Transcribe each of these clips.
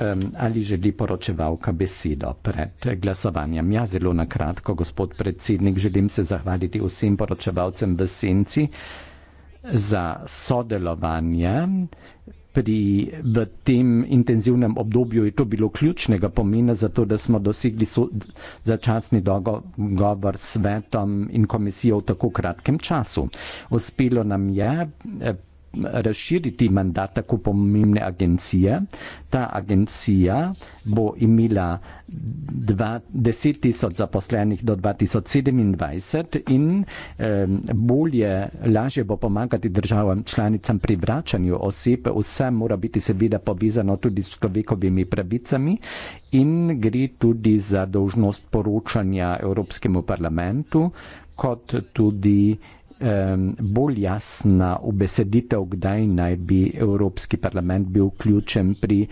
Um, ali želi poročevalka besedo pred glasovanjem? Ja, zelo na kratko, gospod predsednik, želim se zahvaliti vsem poročevalcem v senci za sodelovanje. Pri, v tem intenzivnem obdobju je to bilo ključnega pomena, zato da smo dosegli so, začasni dogovor s svetom in komisijo v tako kratkem času. Uspelo nam je razširiti mandat tako pomembne agencije. Ta agencija bo imela 10 tisoč zaposlenih do 2027 in eh, bolje, lažje bo pomagati državam članicam pri vračanju oseb. Vse mora biti seveda povezano tudi s človekovimi pravicami in gre tudi za dožnost poročanja Evropskemu parlamentu kot tudi bolj jasna obeseditev, kdaj naj bi Evropski parlament bil ključen pri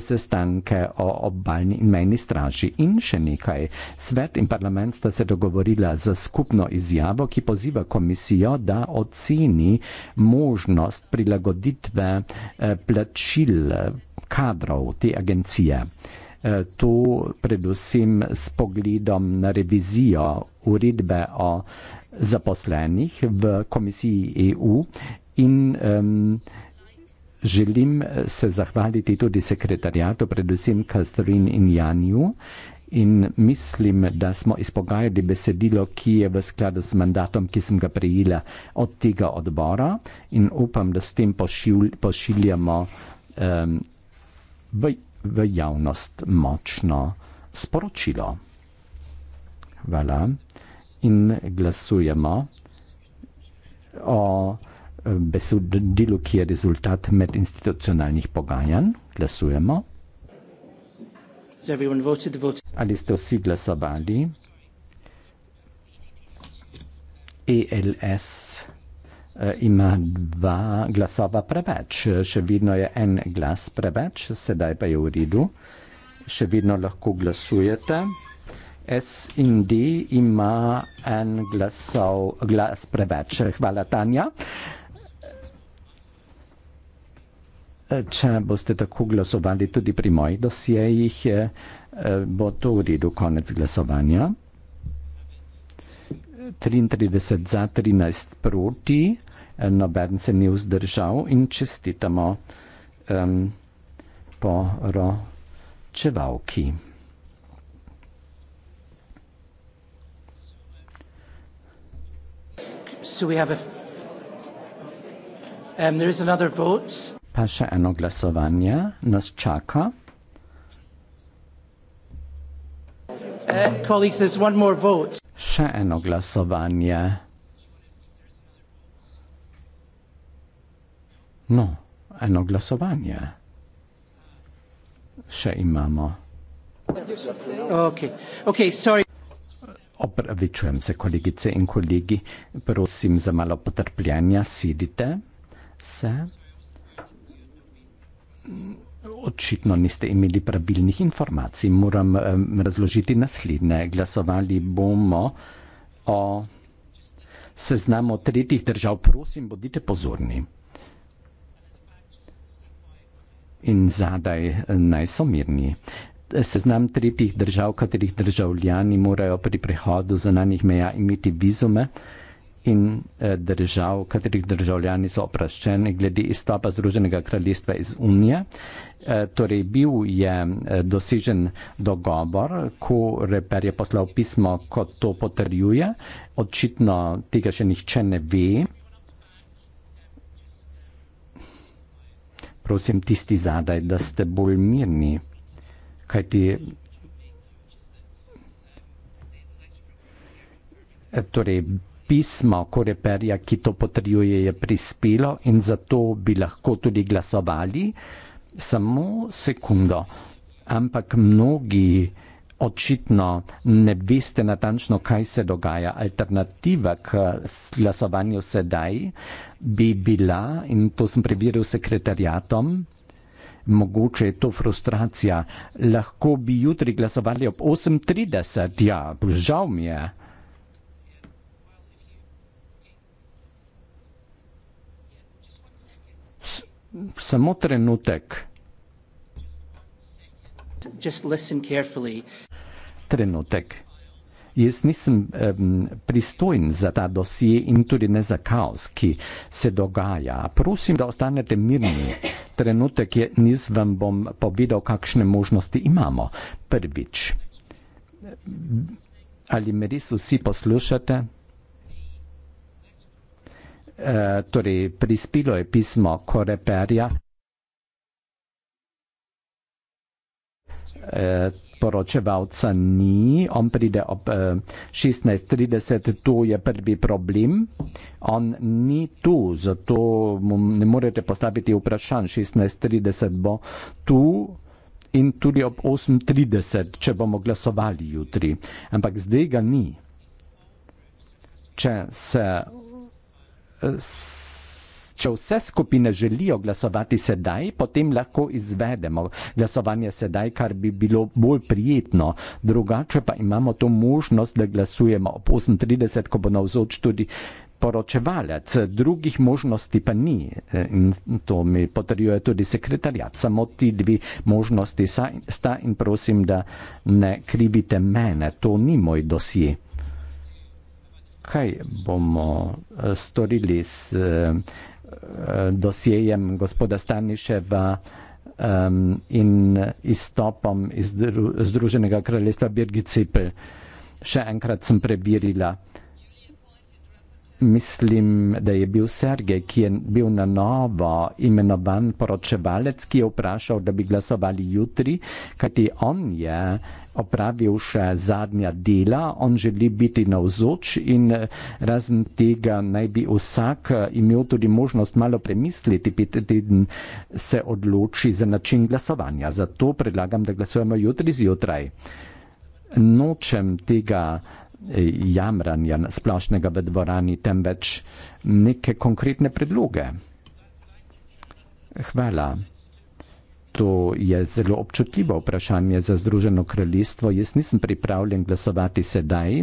sestanke o obaljni in mejni straži. In še nekaj. Svet in parlament sta se dogovorila za skupno izjavo, ki poziva komisijo, da oceni možnost prilagoditve eh, plačil eh, kadrov te agencije. Eh, to predvsem s pogledom na revizijo uredbe o zaposlenih v Komisiji EU in um, želim se zahvaliti tudi sekretarijatu, predvsem Katarin in Janju. In mislim, da smo izpogajali besedilo, ki je v skladu s mandatom, ki sem ga prejela od tega odbora. In upam, da s tem pošil, pošiljamo um, v, v javnost močno sporočilo. Hvala in glasujemo o eh, besedilu, ki je rezultat medinstitucionalnih pogajanj. Glasujemo. Ali ste vsi glasovali? ELS eh, ima dva glasova preveč. Še vidno je en glas preveč, sedaj pa je v redu. Še vidno lahko glasujete. S in D ima en glasov, glas preveč. Hvala, Tanja. Če boste tako glasovali tudi pri mojih dosjejih, eh, bo to v redu konec glasovanja. 33 za, 13 proti, noben se ni vzdržal in čestitamo um, po ročevalki. So we have a. Um, there is another vote. Pa še eno glasovanje nas čaka. Uh, colleagues, there's one more vote. Še eno glasovanje. No, eno glasovanje. Še imamo. Okay. Okay, sorry. Opravičujem se, kolegice in kolegi, prosim za malo potrpljenja, sedite se. Očitno niste imeli pravilnih informacij. Moram um, razložiti naslednje. Glasovali bomo o seznamu tretjih držav. Prosim, bodite pozorni. In zadaj naj so mirni seznam tretjih držav, katerih državljani morajo pri prihodu zunanjih meja imeti vizume in eh, držav, katerih državljani so opraščeni glede izstopa Združenega kraljestva iz Unije. Eh, torej bil je eh, dosežen dogovor, ko reper je poslal pismo, kot to potrjuje. Očitno tega še nihče ne ve. Prosim tisti zadaj, da ste bolj mirni kajti torej, pismo Koreperja, ki to potrjuje, je prispelo in zato bi lahko tudi glasovali. Samo sekundo, ampak mnogi očitno ne veste natančno, kaj se dogaja. Alternativa k glasovanju sedaj bi bila, in to sem preveril s sekretarjatom, mogoče je to frustracija. Lahko bi jutri glasovali ob 8.30, ja, žal mi je. Samo trenutek. Trenutek. Jaz nisem um, pristojen za ta dosje in tudi ne za kaos, ki se dogaja. Prosim, da ostanete mirni trenutek je, nisem bom povedal, kakšne možnosti imamo. Prvič, ali me res vsi poslušate? E, torej, prispelo je pismo Koreperja. E, sporočevalca ni, on pride ob uh, 16.30, to je prvi problem. On ni tu, zato mu ne morete postaviti vprašanje. 16.30 bo tu in tudi ob 8.30, če bomo glasovali jutri. Ampak zdaj ga ni. Če se. Uh, Če vse skupine želijo glasovati sedaj, potem lahko izvedemo glasovanje sedaj, kar bi bilo bolj prijetno. Drugače pa imamo to možnost, da glasujemo ob 38, ko bo navzoč tudi poročevalec. Drugih možnosti pa ni. E, in to mi potrjuje tudi sekretarjat. Samo ti dve možnosti sta in prosim, da ne krivite mene. To ni moj dosje. Kaj bomo e, storili s. E, Eh, dosjejem gospoda Staniševa um, in izstopom iz Združenega kraljestva Birgit Cipel. Še enkrat sem preverila. Mislim, da je bil Sergej, ki je bil na novo imenovan poročevalec, ki je vprašal, da bi glasovali jutri, kajti on je opravil še zadnja dela, on želi biti navzoč in razen tega naj bi vsak imel tudi možnost malo premisliti, pet teden se odloči za način glasovanja. Zato predlagam, da glasujemo jutri zjutraj. Nočem tega jamranja splošnega v dvorani, temveč neke konkretne predloge. Hvala. To je zelo občutljivo vprašanje za Združeno kraljestvo. Jaz nisem pripravljen glasovati sedaj.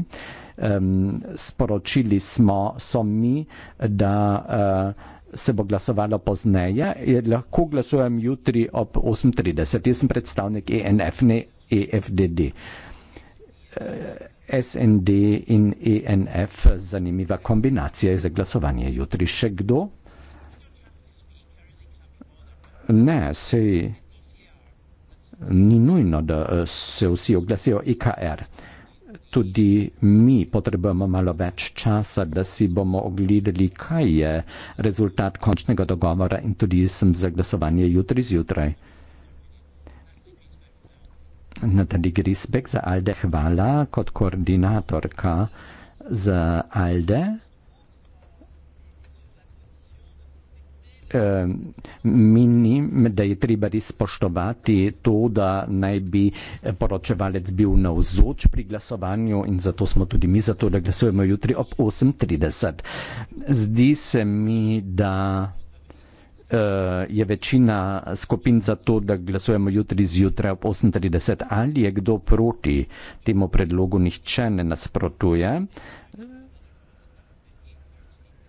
Um, sporočili smo, so mi, da uh, se bo glasovalo pozneje. Lahko glasujem jutri ob 8.30. Jaz sem predstavnik ENF, ne EFDD. Uh, SND in ENF, zanimiva kombinacija za glasovanje jutri. Še kdo? Ne, sej ni nujno, da se vsi oglasijo IKR. Tudi mi potrebujemo malo več časa, da si bomo ogledali, kaj je rezultat končnega dogovora in tudi sem za glasovanje jutri zjutraj. Natalie Grisbeck za ALDE hvala kot koordinatorka za ALDE. Menim, da je treba res spoštovati to, da naj bi poročevalec bil navzoč pri glasovanju in zato smo tudi mi za to, da glasujemo jutri ob 8.30. Zdi se mi, da uh, je večina skupin za to, da glasujemo jutri zjutraj ob 8.30 ali je kdo proti temu predlogu, nihče ne nasprotuje.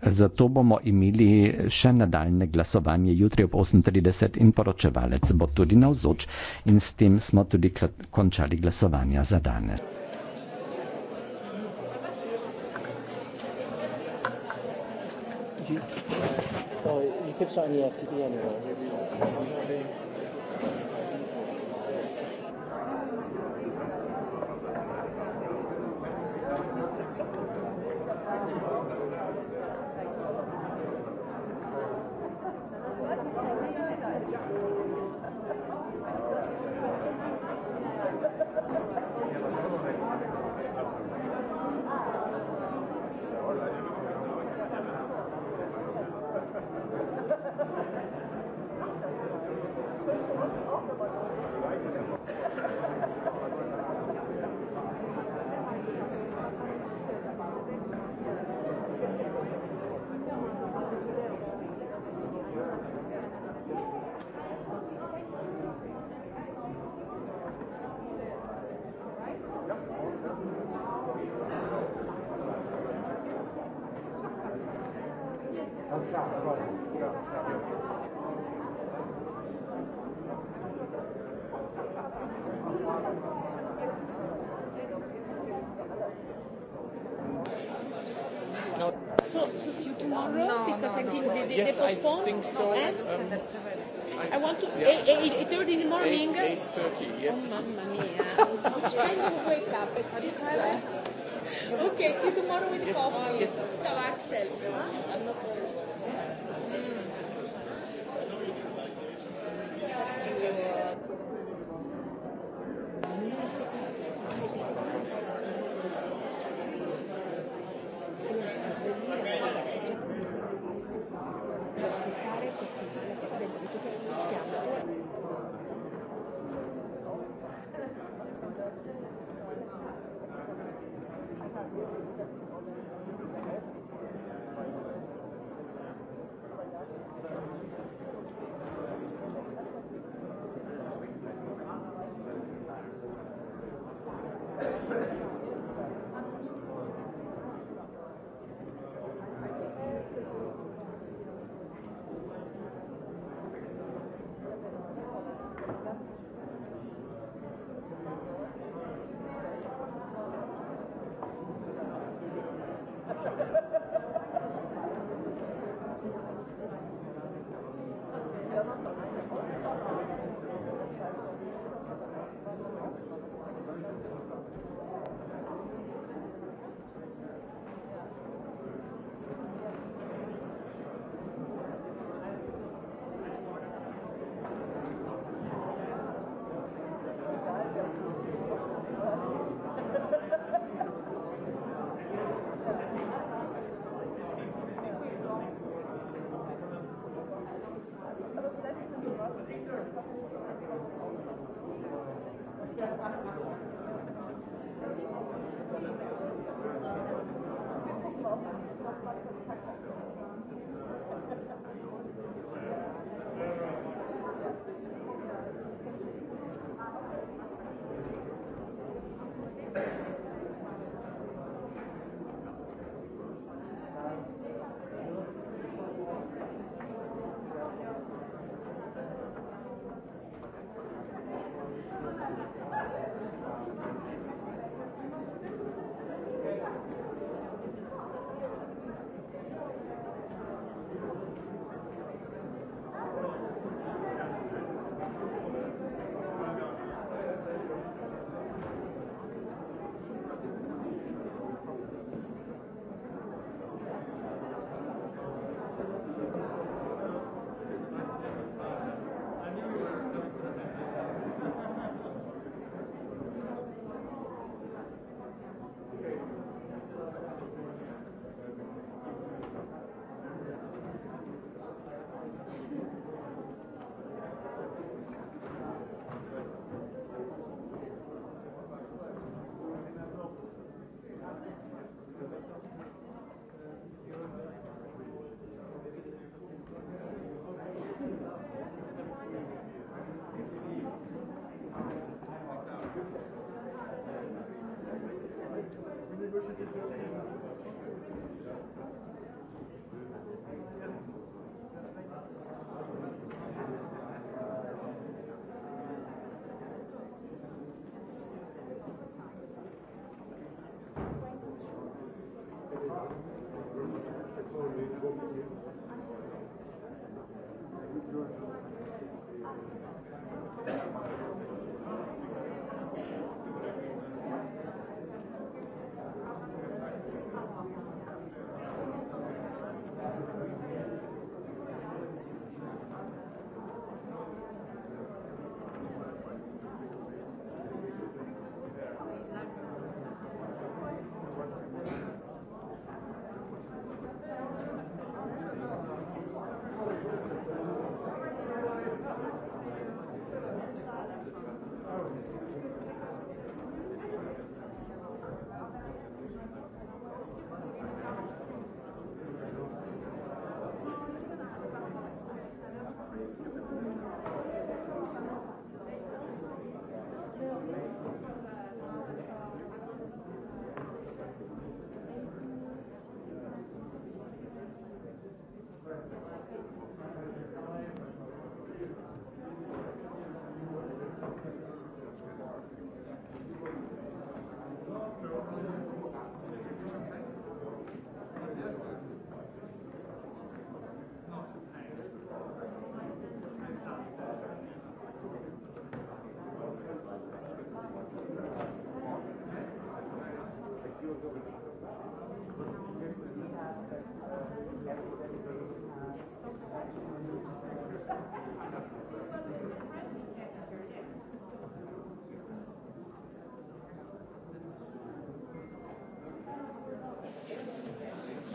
Zato bomo imeli še nadaljne glasovanje jutri ob 8.30 in poročevalec bo tudi navzoč in s tem smo tudi končali glasovanja za danes. markets on EFT anyway.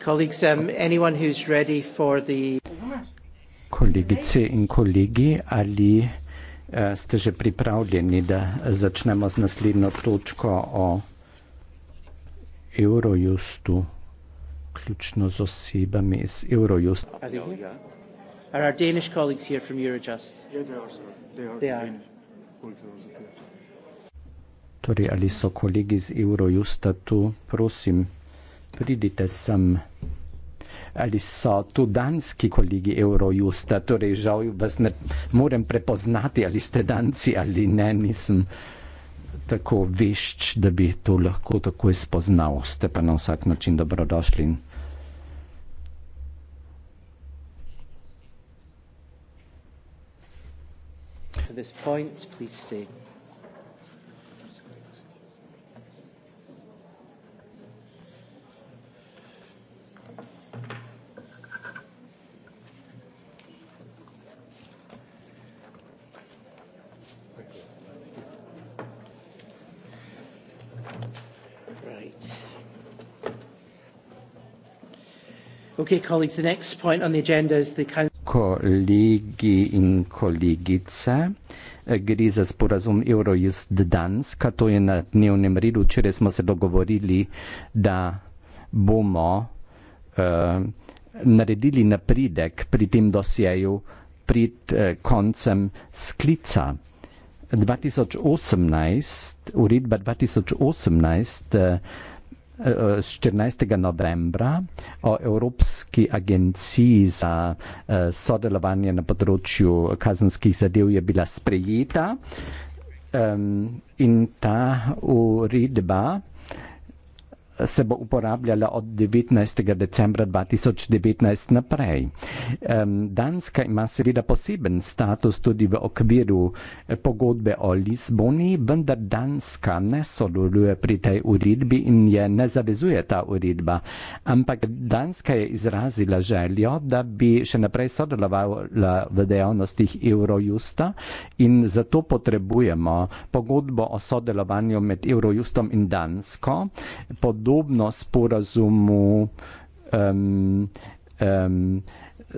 Um, Kolegice in kolegi, ali eh, ste že pripravljeni, da začnemo z naslednjo točko o Eurojustu, ključno z osebami iz Eurojust? Are our Danish colleagues here from Eurojust? Torej, ali so kolegi iz Eurojusta tu? Prosim, pridite sem ali so tu danski kolegi Eurojusta, torej žal vas ne morem prepoznati, ali ste danci ali ne, nisem tako vešč, da bi to lahko takoj spoznal. Ste pa na vsak način dobrodošli. At this point, please stay. Okay, colleagues, the next point on the agenda is the Kolegi in kolegice, eh, gre za sporazum Eurojust Danska, to je na dnevnem redu. Včeraj smo se dogovorili, da bomo uh, naredili napredek pri tem dosjeju pred uh, koncem sklica. 2018, uredba 2018. Uh, z eh, 14. novembra o Evropski agenciji za uh, sodelovanje na področju kazenskih zadev je bila sprejeta um, in ta uredba se bo uporabljala od 19. decembra 2019 naprej. Danska ima seveda poseben status tudi v okviru eh, pogodbe o Lizboni, vendar Danska ne sodeluje pri tej uredbi in je ne zavezuje ta uredba. Ampak Danska je izrazila željo, da bi še naprej sodelovala v dejavnostih Eurojusta in zato potrebujemo pogodbo o sodelovanju med Eurojustom in Dansko podobno sporazumu, um, um,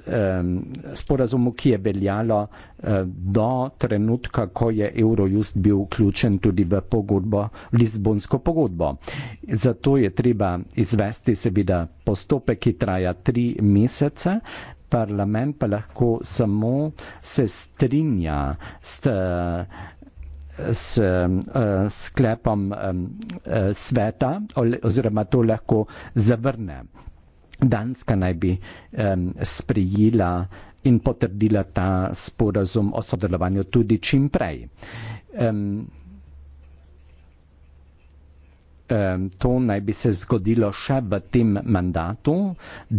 um, sporazumu ki je veljalo uh, do trenutka, ko je Eurojust bil vključen tudi v pogodbo, Lizbonsko pogodbo. Zato je treba izvesti seveda postopek, ki traja tri mesece. Parlament pa lahko samo se strinja s. Uh, s um, uh, sklepom um, uh, sveta oziroma to lahko zavrne. Danska naj bi um, sprijela in potrdila ta sporazum o sodelovanju tudi čim prej. To naj bi se zgodilo še v tem mandatu.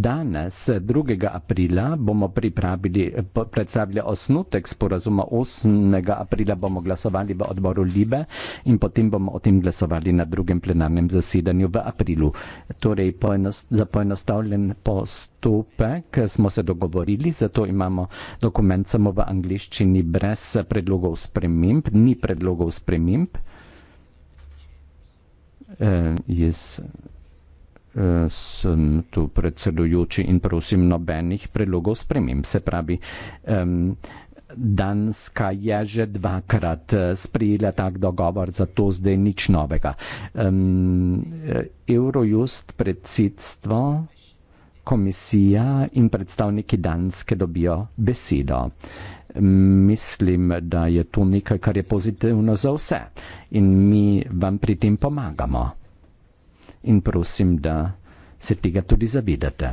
Danes, 2. aprila, bomo predstavili osnutek sporazuma. 8. aprila bomo glasovali v odboru Libe in potem bomo o tem glasovali na drugem plenarnem zasedanju v aprilu. Torej, poenost, za poenostavljen postopek smo se dogovorili, zato imamo dokument samo v angliščini brez predlogov sprememb, ni predlogov sprememb eh, jaz eh, sem tu predsedujoči in prosim nobenih predlogov spremim. Se pravi, eh, Danska je že dvakrat eh, sprijela tak dogovor, zato zdaj nič novega. Eh, Eurojust predsedstvo komisija in predstavniki Danske dobijo besedo. Mislim, da je to nekaj, kar je pozitivno za vse in mi vam pri tem pomagamo. In prosim, da se tega tudi zavedate.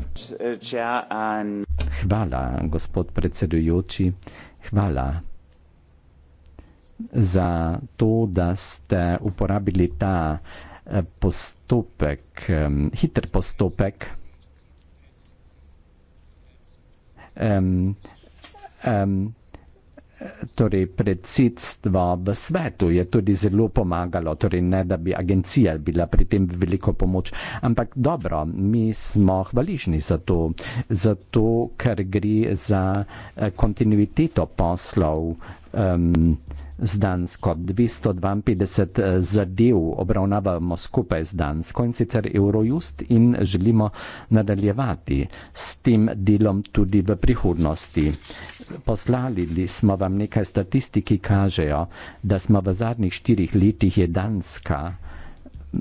Hvala, gospod predsedujoči. Hvala za to, da ste uporabili ta eh, postopek, eh, hiter postopek. um, um, torej predsedstva v svetu je tudi zelo pomagalo, torej ne da bi agencija bila pri tem veliko pomoč, ampak dobro, mi smo hvaližni za to, zato ker gre za eh, kontinuiteto poslov. Um, z Dansko. 252 eh, zadev obravnavamo skupaj z Dansko in sicer Eurojust in želimo nadaljevati s tem delom tudi v prihodnosti. Poslali smo vam nekaj statistiki, kažejo, da smo v zadnjih štirih letih je Danska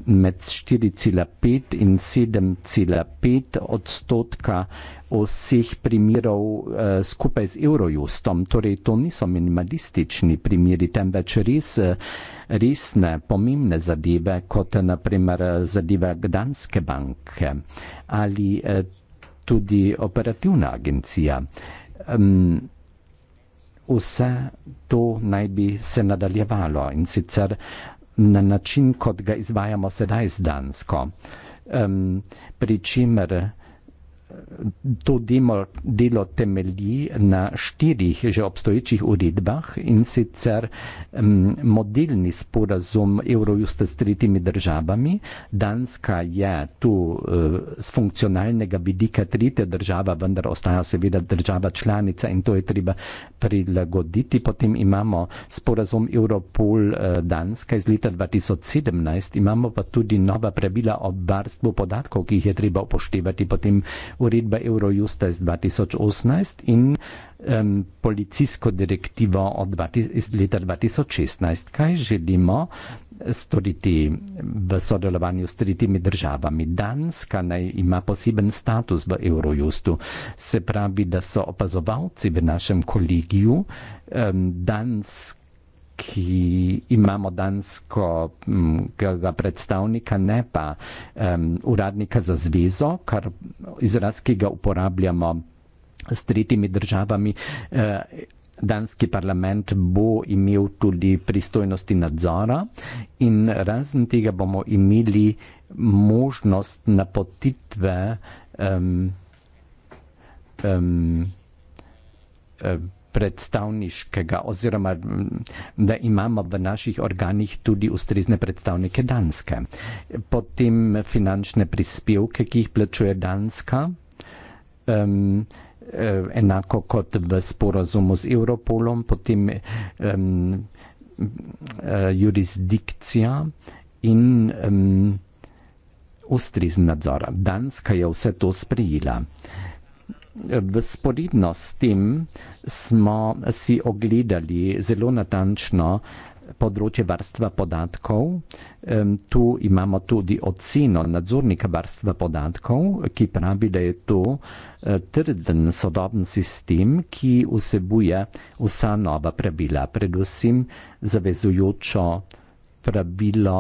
med 4,5 in 7,5 odstotka vseh primerov eh, skupaj z Eurojustom. Torej, to niso minimalistični primeri, temveč res eh, resne, pomembne zadeve, kot naprimer eh, zadeve Gdanske banke ali eh, tudi operativna agencija. Um, vse to naj bi se nadaljevalo in sicer na način, kot ga izvajamo sedaj z Dansko. Um, Pričemer to delo temelji na štirih že obstoječih uredbah in sicer mm, modelni sporazum Eurojust s tretjimi državami. Danska je tu z eh, funkcionalnega vidika tretja država, vendar ostaja seveda država članica in to je treba prilagoditi. Potem imamo sporazum Europol eh, Danska iz leta 2017, imamo pa tudi nova pravila o varstvu podatkov, ki jih je treba upoštevati. Potem uredba Eurojusta iz 2018 in um, policijsko direktivo od 20, iz leta 2016. Kaj želimo eh, storiti v sodelovanju s tretjimi državami? Danska naj ima poseben status v Eurojustu. Se pravi, da so opazovalci v našem kolegiju um, Danska ki imamo dansko predstavnika, ne pa um, uradnika za zvezo, kar izraz, ki ga uporabljamo s tretjimi državami. Uh, Danski parlament bo imel tudi pristojnosti nadzora in razen tega bomo imeli možnost napotitve um, um, um, predstavniškega, oziroma da imamo v naših organih tudi ustrezne predstavnike Danske. Potem finančne prispevke, ki jih plačuje Danska, um, enako kot v sporazumu z Europolom, potem um, jurisdikcija in um, ustrezna nadzora. Danska je vse to sprejela. V sporedno s tem smo si ogledali zelo natančno področje varstva podatkov. Tu imamo tudi oceno nadzornika varstva podatkov, ki pravi, da je to e, trden sodoben sistem, ki vsebuje vsa nova pravila, predvsem zavezujočo pravilo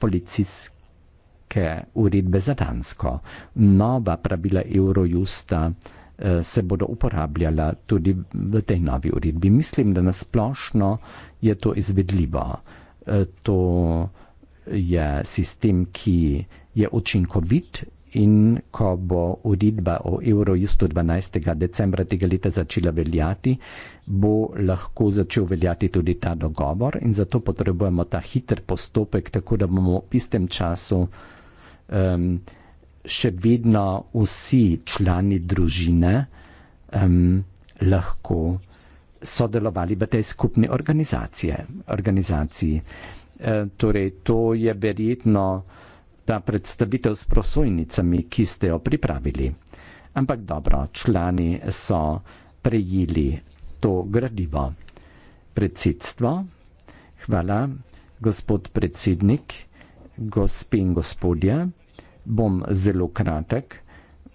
policijske uredbe za Dansko. Nova pravila Eurojusta Eh, se bodo uporabljala tudi v tej novi uredbi. Mislim, da nasplošno je to izvedljivo. Eh, to je sistem, ki je učinkovit in ko bo uredba o Eurojustu 12. decembra tega leta začela veljati, bo lahko začel veljati tudi ta dogovor in zato potrebujemo ta hiter postopek, tako da bomo v istem času um, še vedno vsi člani družine um, lahko sodelovali v tej skupni organizaciji. E, torej, to je verjetno ta predstavitev s prosojnicami, ki ste jo pripravili. Ampak dobro, člani so prejeli to gradivo. Predsedstvo, hvala, gospod predsednik, gospe in gospodje bom zelo kratek.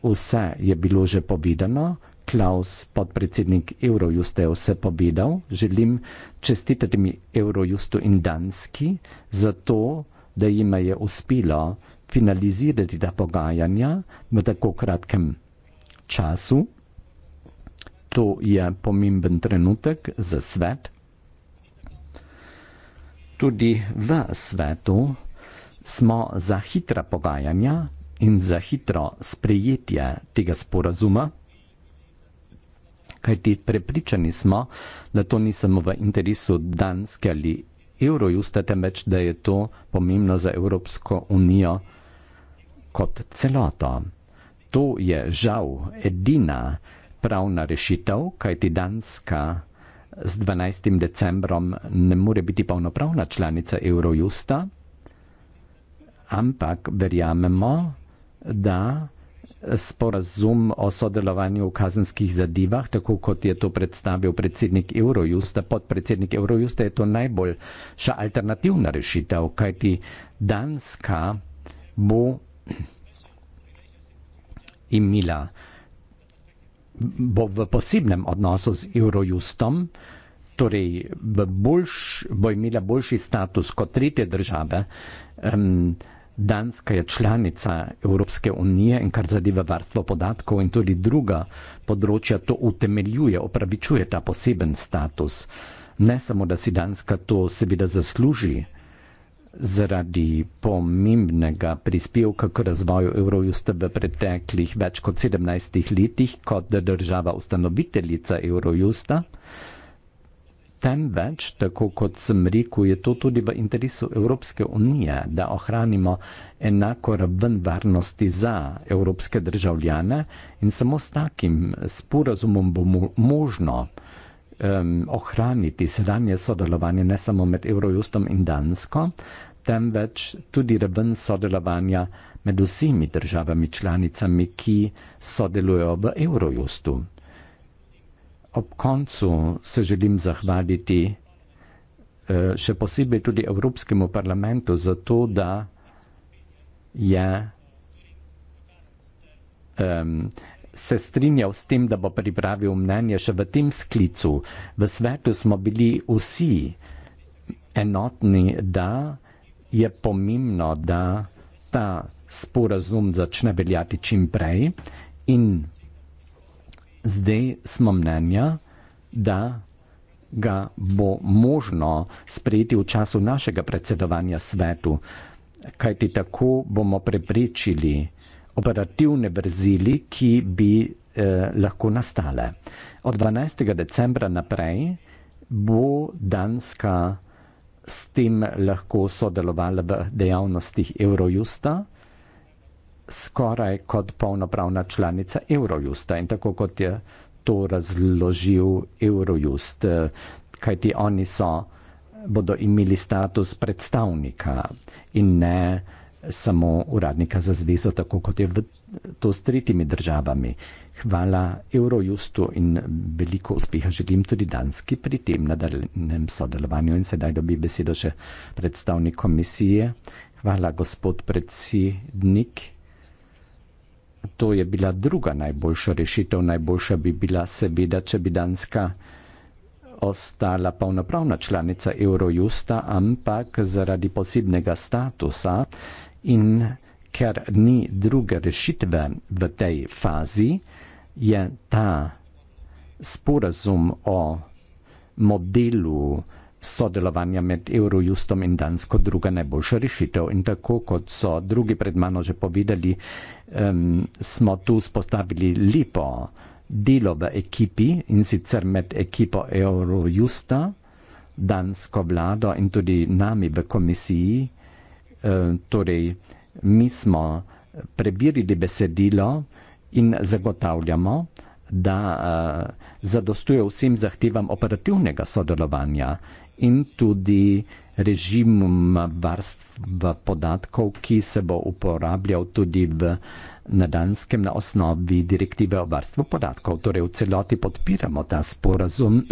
Vse je bilo že povedano. Klaus, podpredsednik Eurojust, je vse povedal. Želim čestitati mi Eurojustu in Danski za to, da jim je uspelo finalizirati ta pogajanja v tako kratkem času. To je pomemben trenutek za svet. Tudi v svetu smo za hitra pogajanja in za hitro sprejetje tega sporazuma, kajti prepričani smo, da to ni samo v interesu Danske ali Eurojusta, temveč da je to pomembno za Evropsko unijo kot celoto. To je žal edina pravna rešitev, kajti Danska z 12. decembrom ne more biti polnopravna članica Eurojusta ampak verjamemo, da sporazum o sodelovanju v kazenskih zadevah, tako kot je to predstavil predsednik Eurojusta, podpredsednik Eurojusta, je to najboljša alternativna rešitev, kajti Danska bo imela, bo v posebnem odnosu z Eurojustom, torej bo imela boljši status kot tretje države, Um, Danska je članica Evropske unije in kar zadeva varstvo podatkov in tudi druga področja to utemeljuje, opravičuje ta poseben status. Ne samo, da si Danska to seveda zasluži zaradi pomembnega prispevka k razvoju Eurojusta v preteklih več kot 17 letih kot država ustanoviteljica Eurojusta, temveč, tako kot sem rekel, je to tudi v interesu Evropske unije, da ohranimo enako raven varnosti za evropske državljane in samo s takim sporazumom bo možno um, ohraniti sedanje sodelovanje ne samo med Eurojustom in Dansko, temveč tudi raven sodelovanja med vsemi državami članicami, ki sodelujo v Eurojustu ob koncu se želim zahvaliti eh, še posebej tudi Evropskemu parlamentu za to, da je se strinjal s tem, da bo pripravil mnenje še v tem sklicu. V svetu smo bili vsi enotni, da je pomembno, da ta sporazum začne veljati čim prej in zdaj smo mnenja, da ga bo možno sprejeti v času našega predsedovanja svetu, kajti tako bomo preprečili operativne brzili, ki bi eh, lahko nastale. Od 12. decembra naprej bo Danska s tem lahko sodelovala v dejavnostih Eurojusta skoraj kot polnopravna članica Eurojusta in tako kot je to razložil Eurojust, eh, kajti oni so, bodo imeli status predstavnika in ne samo uradnika za zvezo, tako kot je v, to s tretjimi državami. Hvala Eurojustu in veliko uspeha želim tudi Danski pri tem nadaljnem sodelovanju in sedaj dobi besedo še predstavnik komisije. Hvala, gospod predsednik to je bila druga najboljša rešitev. Najboljša bi bila seveda, če bi Danska ostala polnopravna članica Eurojusta, ampak zaradi posebnega statusa in ker ni druge rešitve v tej fazi, je ta sporazum o modelu sodelovanja med Eurojustom in Dansko druga najboljša rešitev. In tako kot so drugi pred mano že povedali, um, smo tu spostavili lepo delo v ekipi in sicer med ekipo Eurojusta, Dansko vlado in tudi nami v komisiji. Uh, torej, mi smo prebirili besedilo in zagotavljamo, da uh, zadostuje vsem zahtevam operativnega sodelovanja in tudi režim varstva podatkov, ki se bo uporabljal tudi v nadanskem na osnovi direktive o varstvu podatkov. Torej v celoti podpiramo ta sporazum.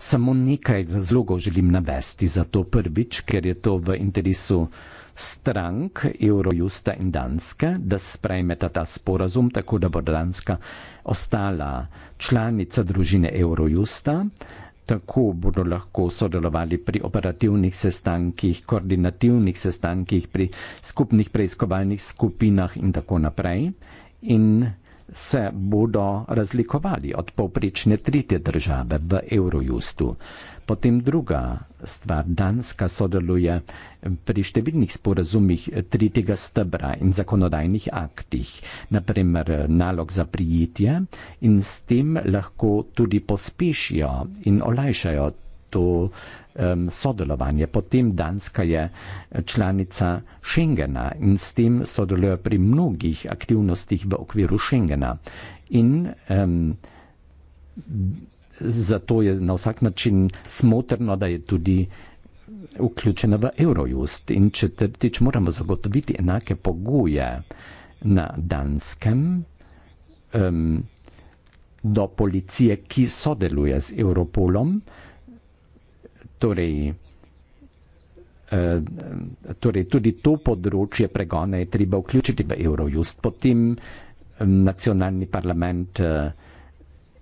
Samo nekaj razlogov želim navesti za to prvič, ker je to v interesu strank Eurojusta in Danske, da sprejmeta ta sporazum, tako da bo Danska ostala članica družine Eurojusta. Tako bodo lahko sodelovali pri operativnih sestankih, koordinativnih sestankih, pri skupnih preiskovalnih skupinah in tako naprej. In se bodo razlikovali od povprečne tretje države v Eurojustu. Potem druga stvar, Danska sodeluje pri številnih sporazumih tretjega stebra in zakonodajnih aktih, naprimer nalog za prijetje in s tem lahko tudi pospešijo in olajšajo to um, sodelovanje. Potem Danska je članica Schengena in s tem sodeluje pri mnogih aktivnostih v okviru Schengena. In, um, zato je na vsak način smotrno, da je tudi vključena v Eurojust. In četrtič, moramo zagotoviti enake pogoje na Danskem um, do policije, ki sodeluje z Europolom. Torej, eh, Torej, tudi to področje pregona je treba vključiti v Eurojust. Potem nacionalni parlament uh,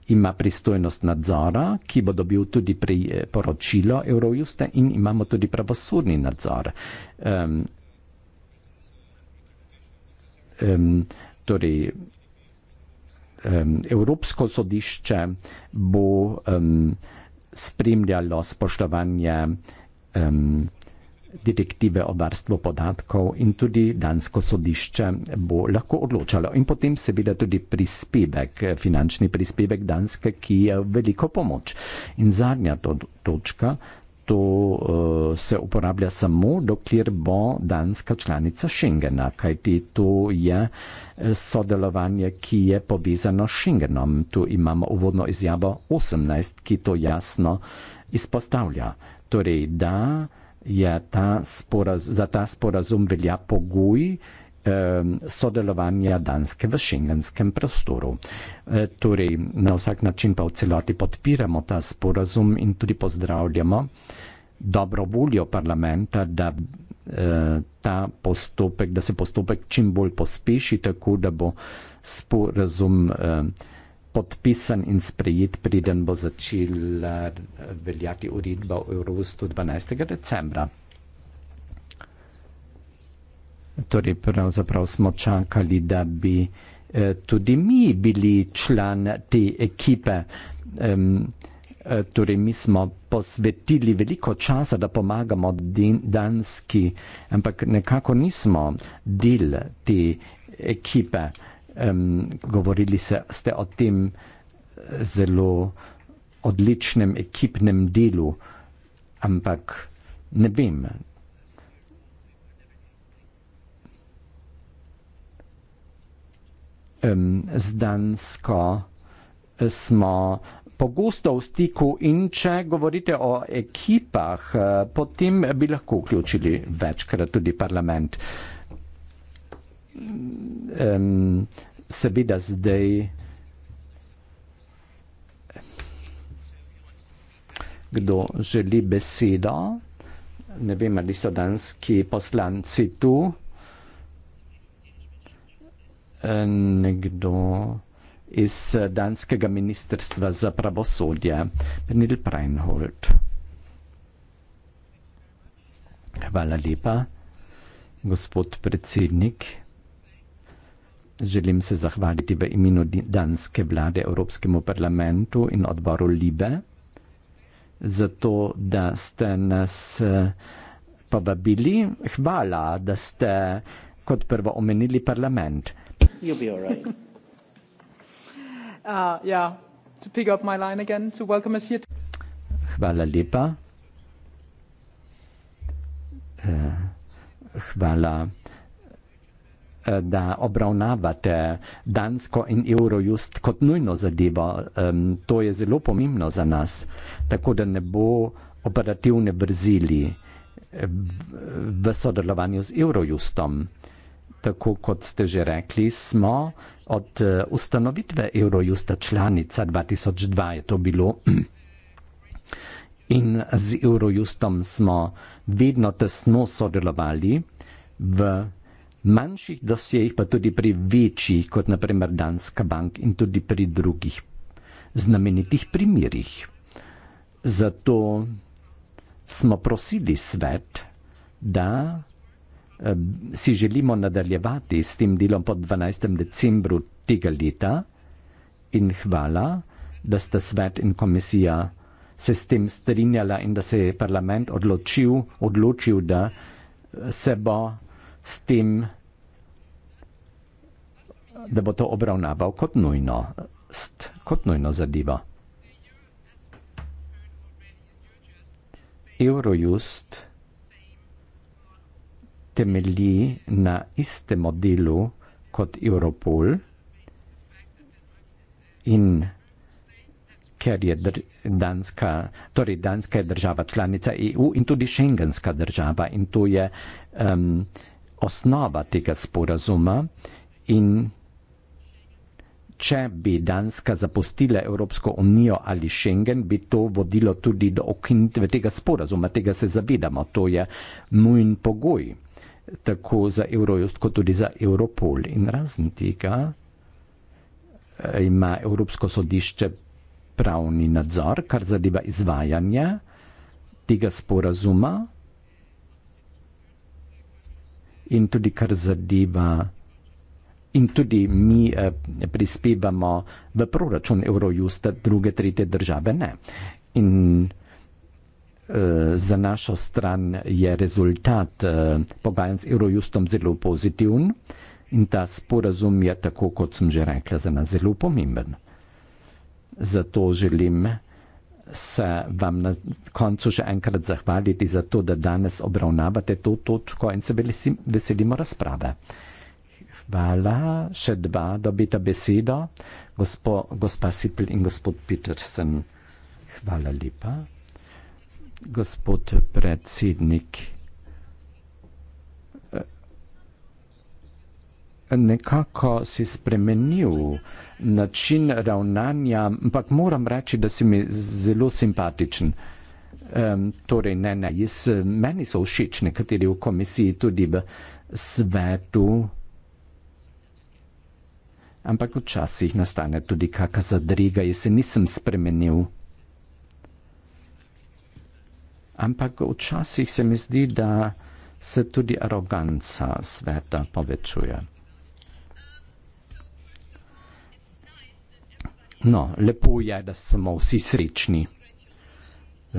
ima pristojnost nadzora, ki bo dobil tudi eh, poročilo Eurojusta in imamo tudi pravosodni nadzor. Um, um, torej, um, Evropsko sodišče bo um, spremljalo spoštovanje um, direktive o varstvu podatkov in tudi dansko sodišče bo lahko odločalo. In potem seveda tudi prispevek, finančni prispevek danske, ki je veliko pomoč. In zadnja to, točka, to uh, se uporablja samo, dokler bo danska članica Schengena, kajti to je eh, sodelovanje, ki je povezano s Schengenom. Tu imamo uvodno izjavo 18, ki to jasno izpostavlja. Torej, da je ta sporaz, za ta sporazum velja pogoj ehm, sodelovanja Danske v šengenskem prostoru. E, torej, na vsak način pa v celoti podpiramo ta sporazum in tudi pozdravljamo dobro voljo parlamenta, da, e, ta postopek, da se postopek čim bolj pospeši, tako da bo sporazum eh, podpisan in sprejet, preden bo začela eh, veljati uredba o Eurovostu 12. decembra. Torej, pravzaprav smo čakali, da bi eh, tudi mi bili član te ekipe. Eh, torej, mi smo posvetili veliko časa, da pomagamo danski, ampak nekako nismo del te ekipe um, govorili se, ste o tem eh, zelo odličnem ekipnem delu, ampak ne vem. Um, z Dansko eh, smo pogosto v stiku in če govorite o ekipah, eh, potem bi lahko vključili večkrat tudi parlament. Um, seveda zdaj kdo želi besedo ne vem ali so danski poslanci tu e, nekdo iz danskega ministrstva za pravosodje Benil Preinhold hvala lepa gospod predsednik hvala lepa Želim se zahvaliti v imenu danske vlade Evropskemu parlamentu in odboru Libe za to, da ste nas eh, povabili. Hvala, da ste kot prvo omenili parlament. Uh, hvala lepa. Uh, hvala. Eh, da obravnavate Dansko in Eurojust kot nujno zadevo. Um, to je zelo pomembno za nas, tako da ne bo operativne brzili eh, v sodelovanju z Eurojustom. Tako kot ste že rekli, smo od eh, ustanovitve Eurojusta članica 2002 je to bilo. In z Eurojustom smo vedno tesno sodelovali v manjših dosjejih, pa tudi pri večjih, kot naprimer Danska bank in tudi pri drugih znamenitih primerjih. Zato smo prosili svet, da eh, si želimo nadaljevati s tem delom po 12. decembru tega leta in hvala, da sta svet in komisija se s tem strinjala in da se je parlament odločil, odločil da eh, se bo s tem strinjala da bo to obravnaval kot nujno, kot nujno zadevo. Eurojust temelji na istem modelu kot Europol in ker je Danska, torej Danska je država članica EU in tudi šengenska država in to je um, osnova tega sporazuma in če bi Danska zapustila Evropsko unijo ali Schengen, bi to vodilo tudi do okinitve tega sporazuma, tega se zavedamo, to je nujen pogoj tako za Eurojust kot tudi za Europol. In razen tega eh, ima Evropsko sodišče pravni nadzor, kar zadeva izvajanje tega sporazuma in tudi kar zadeva in tudi mi eh, prispevamo v proračun Eurojust, druge, tretje države ne. In eh, za našo stran je rezultat eh, pogajanj s Eurojustom zelo pozitiven in ta sporazum je, tako kot sem že rekla, za nas zelo pomemben. Zato želim se vam na koncu še enkrat zahvaliti za to, da danes obravnavate to točko in se veselimo razprave. Hvala še dva, dobita besedo. Gospo, gospa Sipl in gospod Petersen, hvala lepa. Gospod predsednik, eh, nekako si spremenil način ravnanja, ampak moram reči, da si mi zelo simpatičen. Um, torej, ne, ne, jaz, meni so všeč nekateri v komisiji, tudi v svetu ampak včasih nastane tudi kakšna zadriga, jaz se nisem spremenil. Ampak včasih se mi zdi, da se tudi aroganca sveta povečuje. No, lepo je, da smo vsi srečni. Uh, uh,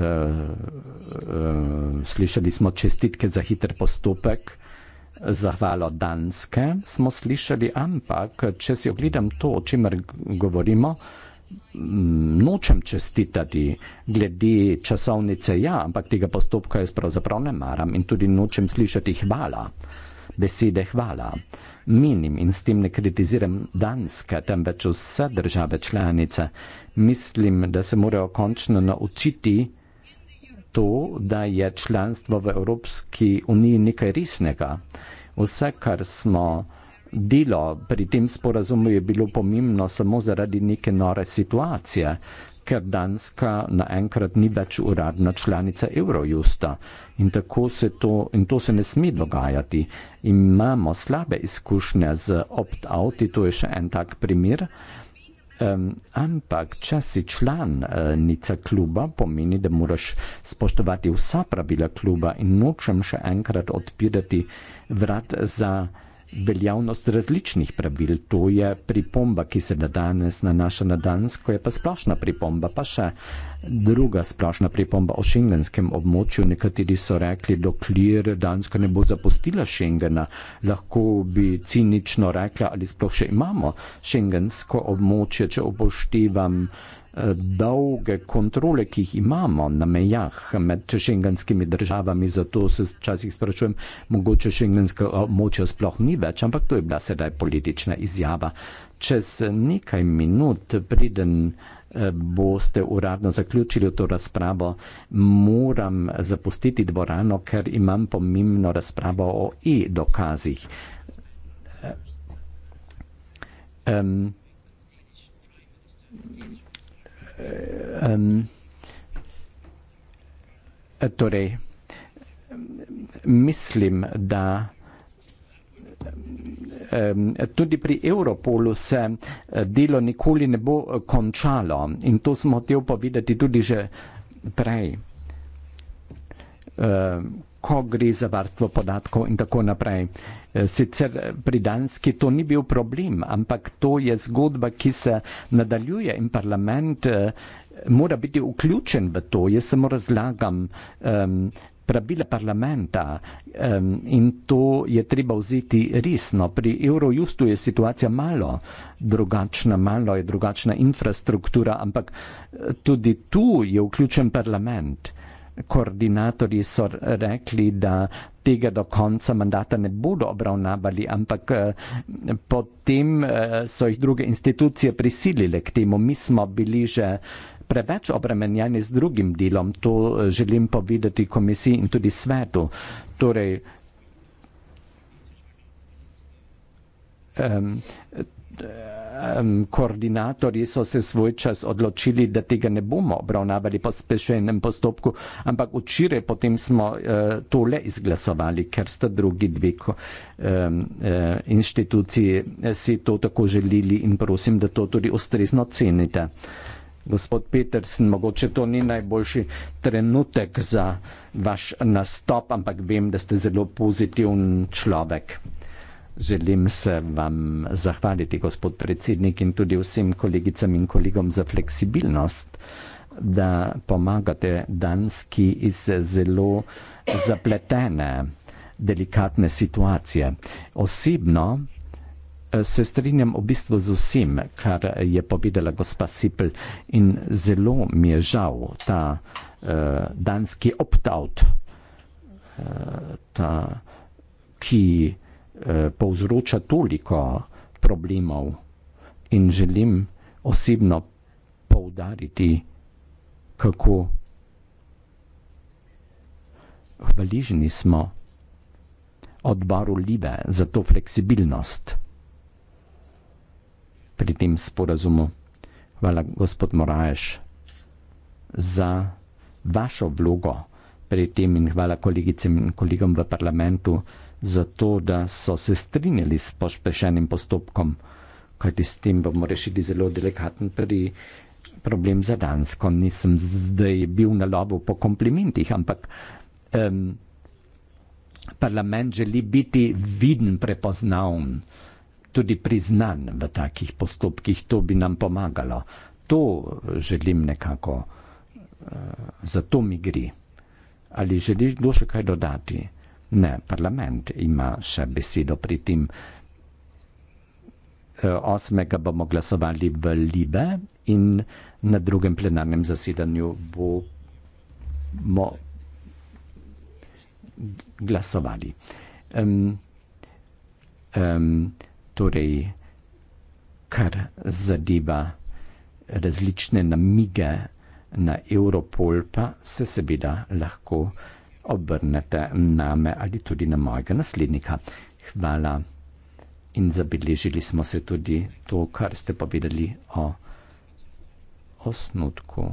slišali smo čestitke za hiter postopek. Uh, zahvalo Danske, smo slišali, ampak če si ogledam to, o čemer govorimo, nočem čestitati glede časovnice, ja, ampak tega postopka jaz pravzaprav ne maram in tudi nočem slišati hvala, besede hvala. Menim in s tem ne kritiziram Danske, temveč vse države članice, mislim, da se morajo končno naučiti, to, da je članstvo v Evropski uniji nekaj resnega. Vse, kar smo delo pri tem sporazumu, je bilo pomembno samo zaradi neke nore situacije, ker Danska naenkrat ni več uradna članica Eurojusta in, se to, in to se ne sme dogajati. Imamo slabe izkušnje z opt-outi, to je še en tak primer. Um, ampak, če si član uh, Nice kluba, pomeni, da moraš spoštovati vsa pravila kluba in nočem še enkrat odpirati vrat za veljavnost različnih pravil. To je pripomba, ki se na danes nanaša na Dansko, je pa splošna pripomba, pa še druga splošna pripomba o šengenskem območju. Nekateri so rekli, dokler Danska ne bo zapustila šengena, lahko bi cinično rekla, ali sploh še imamo šengensko območje, če upoštevam dolge kontrole, ki jih imamo na mejah med šengenskimi državami, zato se včasih sprašujem, mogoče šengenska moča sploh ni več, ampak to je bila sedaj politična izjava. Čez nekaj minut, preden eh, boste uradno zaključili to razpravo, moram zapustiti dvorano, ker imam pomembno razpravo o e-dokazih. Um, um, torej, mislim, da um, tudi pri Europolu se eh, delo nikoli ne bo eh, končalo in to smo hotel povedati tudi že prej. Um, ko gre za varstvo podatkov in tako naprej. E, sicer pri Danski to ni bil problem, ampak to je zgodba, ki se nadaljuje in parlament e, mora biti vključen v to. Jaz samo razlagam um, pravila parlamenta um, in to je treba vzeti resno. Pri Eurojustu je situacija malo drugačna, malo je drugačna infrastruktura, ampak e, tudi tu je vključen parlament koordinatorji so rekli, da tega do konca mandata ne bodo obravnavali, ampak eh, potem eh, so jih druge institucije prisilile k temu. Mi smo bili že preveč obremenjeni z drugim delom. To eh, želim povedati komisiji in tudi svetu. Torej, um, um, koordinatorji so se svoj čas odločili, da tega ne bomo obravnavali po spešenem postopku, ampak včeraj potem smo uh, tole izglasovali, ker sta drugi dve um, uh, inštituciji eh, si to tako želili in prosim, da to tudi ustrezno cenite. Gospod Petersen, mogoče to ni najboljši trenutek za vaš nastop, ampak vem, da ste zelo pozitiven človek. Želim se vam zahvaliti, gospod predsednik, in tudi vsem kolegicam in kolegom za fleksibilnost, da pomagate Danski iz zelo zapletene, delikatne situacije. Osebno eh, se strinjam v bistvu z vsem, kar je povedala gospa Sipl in zelo mi je žal ta uh, Danski opt-out, uh, ki Eh, povzroča toliko problemov in želim osebno poudariti, kako hvaležni smo odboru Libe za to fleksibilnost pri tem sporazumu. Hvala, gospod Moraješ, za vašo vlogo pri tem in hvala kolegicam in kolegom v parlamentu zato da so se strinjali s pošpešenim postopkom, kajti s tem bomo rešili zelo delikaten pri problem za Dansko. Nisem zdaj bil na lovu po komplimentih, ampak um, parlament želi biti viden, prepoznavn, tudi priznan v takih postopkih, to bi nam pomagalo. To želim nekako, uh, eh, zato mi gre. Ali želiš kdo še kaj dodati? Ne, parlament ima še besedo pri tem. E, osmega bomo glasovali v Libe in na drugem plenarnem zasedanju bomo glasovali. Um, um, torej, kar zadeva različne namige na Europol, pa se seveda lahko obrnete name ali tudi na mojega naslednika. Hvala. In zabeležili smo se tudi to, kar ste povedali o osnutku.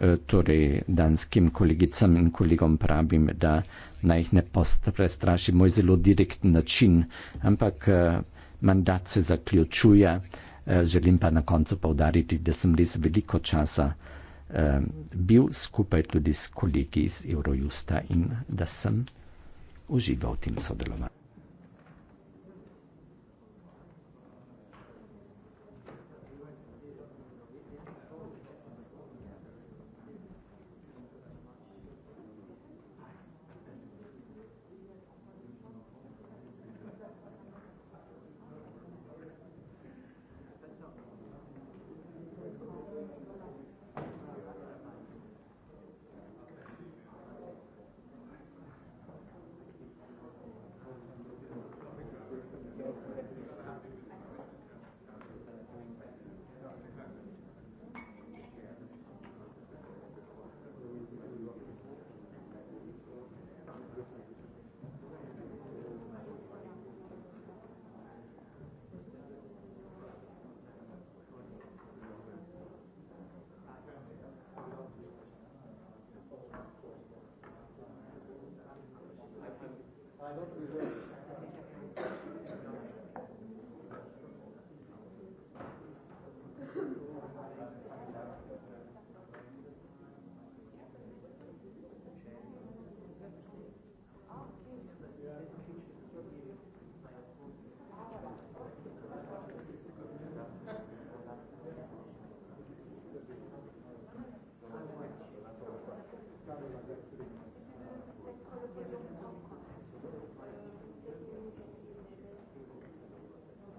E, torej, danskim kolegicam in kolegom pravim, da naj jih ne prestraši moj zelo direktni način, ampak e, mandat se zaključuje. E, želim pa na koncu povdariti, da sem res veliko časa bil skupaj tudi s kolegi iz Eurojusta in da sem užival v tem sodelovanju. Hallo, grüße.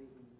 reading.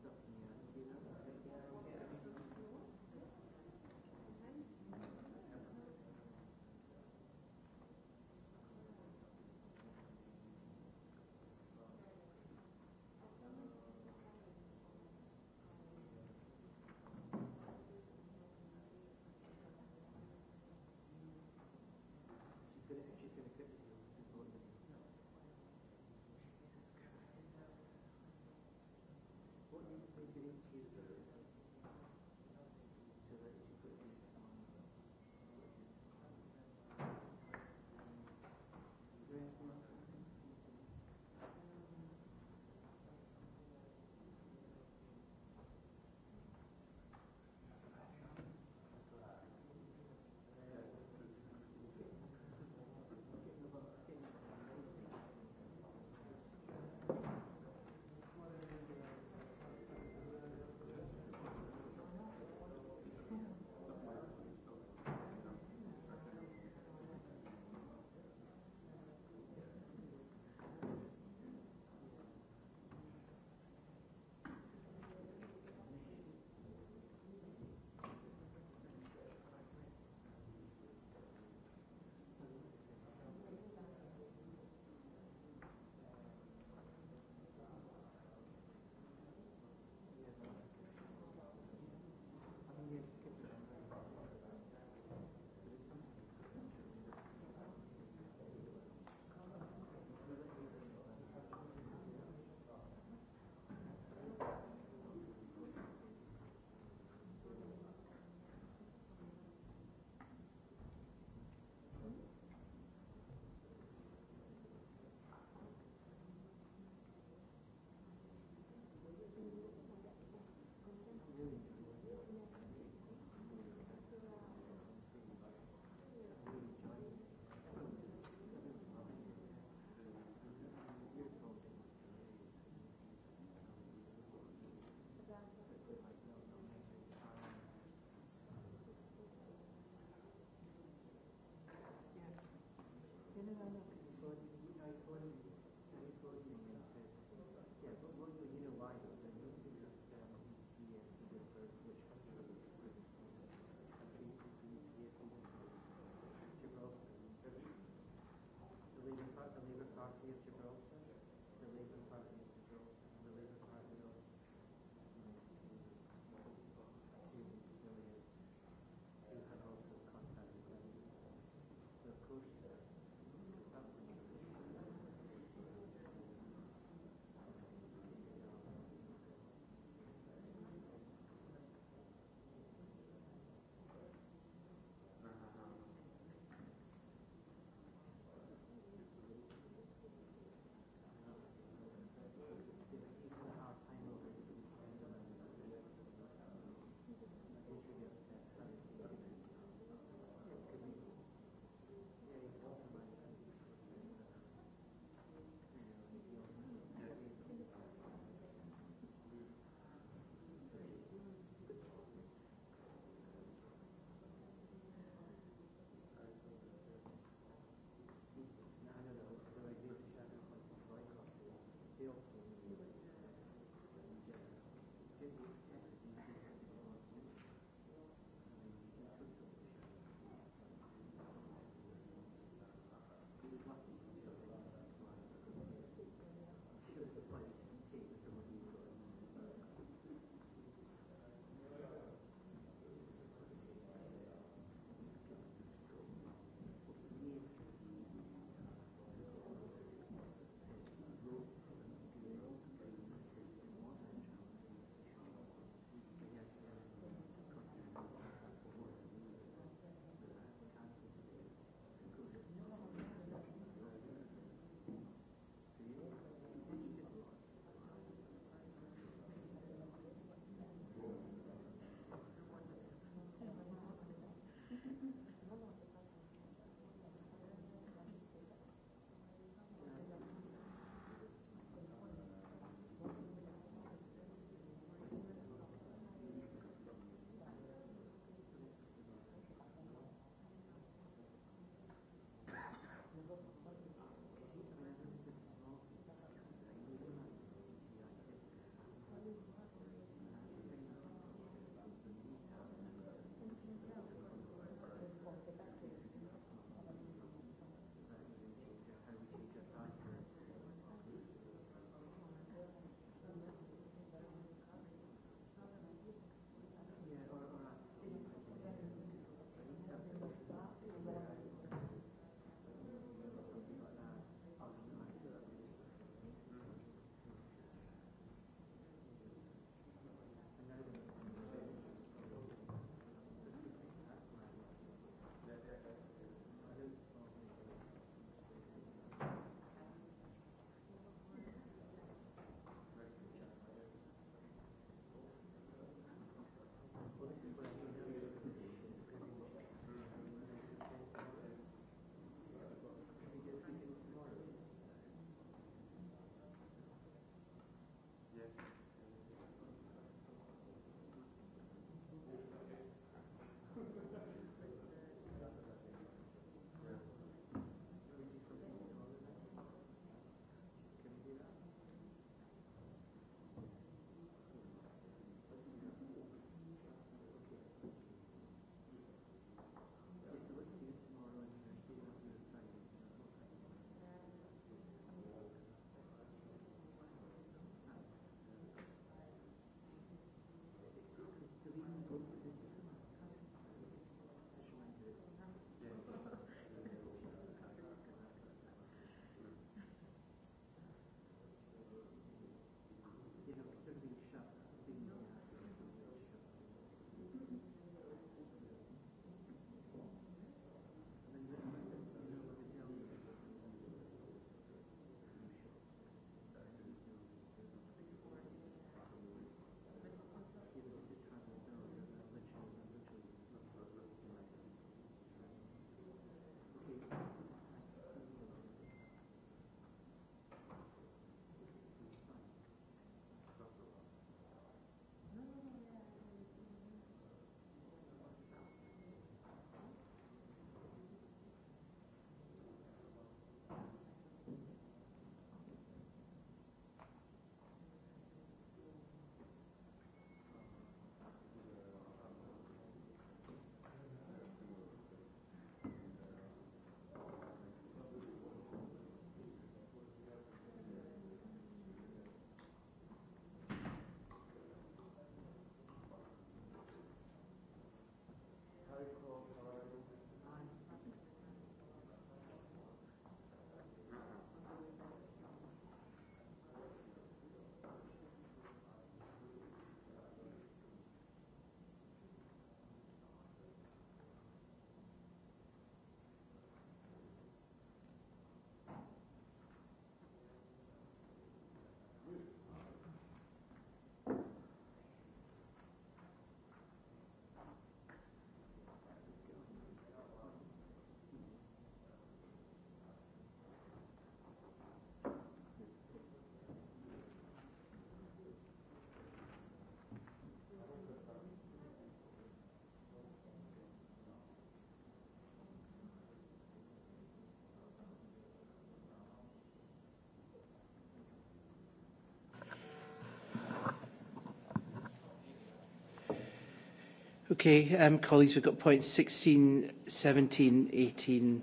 Okay, um, colleagues, we've got points 16, 17, 18.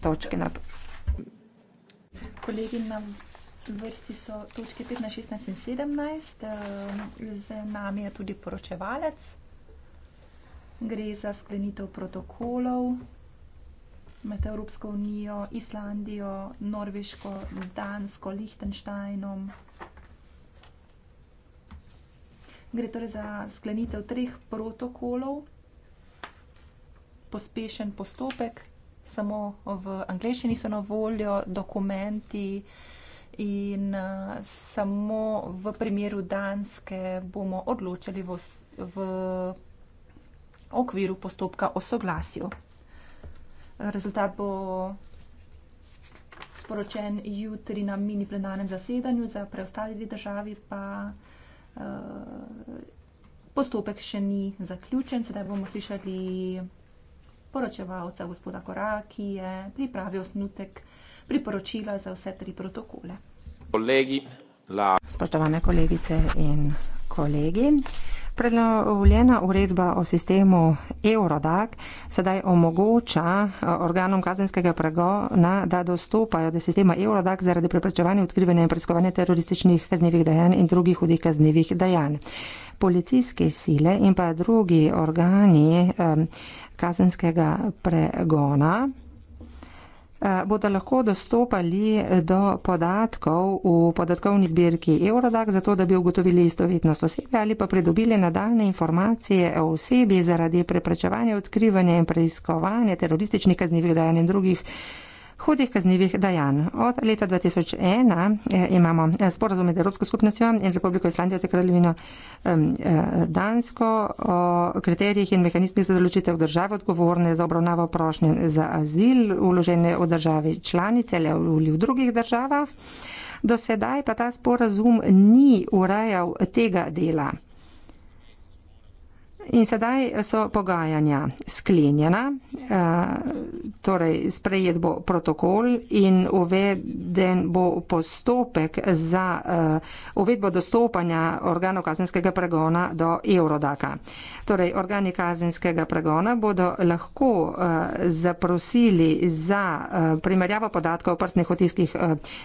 Točke na... Kolegi, na vrsti so točke 15, 16 in 17. Um, z nami je tudi poročevalec. Gre za sklenitev protokolov med Evropsko unijo, Islandijo, Norveško, Dansko, Lihtenštajnom, Gre torej za sklenitev treh protokolov, pospešen postopek, samo v angleščini so na voljo dokumenti in eh, samo v primeru Danske bomo odločali v, v okviru postopka o soglasju. Rezultat bo sporočen jutri na mini plenarnem zasedanju, za preostali dve državi pa. Eh, postopek še ni zaključen, sedaj bomo slišali poročevalca gospoda Kora, ki je pripravil osnutek priporočila za vse tri protokole. Kolegi, la... Spoštovane kolegice in kolegi, Prenovljena uredba o sistemu Eurodag sedaj omogoča eh, organom kazenskega pregona, da dostopajo do sistema Eurodag zaradi preprečevanja odkrivanja in preiskovanja terorističnih kaznivih dejanj in drugih hudih kaznivih dejanj. Policijske sile in pa drugi organi um, kazenskega pregona Eh, bodo lahko dostopali eh, do podatkov v podatkovni zbirki Eurodag, zato da bi ugotovili istovetnost osebe ali pa pridobili nadaljne informacije o osebi zaradi preprečevanja, odkrivanja in preiskovanja terorističnih kaznjivih dejanj in drugih hudih kaznjivih dejanj. Od leta 2001 eh, imamo eh, sporazum med Evropsko skupnostjo in Republiko Islandijo ter kraljevino eh, Dansko o kriterijih in mehanizmih za določitev države odgovorne za obravnavo prošnje za azil, uložene v državi članice ali v drugih državah. Do sedaj pa ta sporazum ni urejal tega dela. In sedaj so pogajanja sklenjena, eh, torej sprejet bo protokol in uveden bo postopek za eh, uvedbo dostopanja organov kazenskega pregona do Eurodaka. Torej, organi kazenskega pregona bodo lahko eh, zaprosili za primerjavo podatkov o prstnih otiskih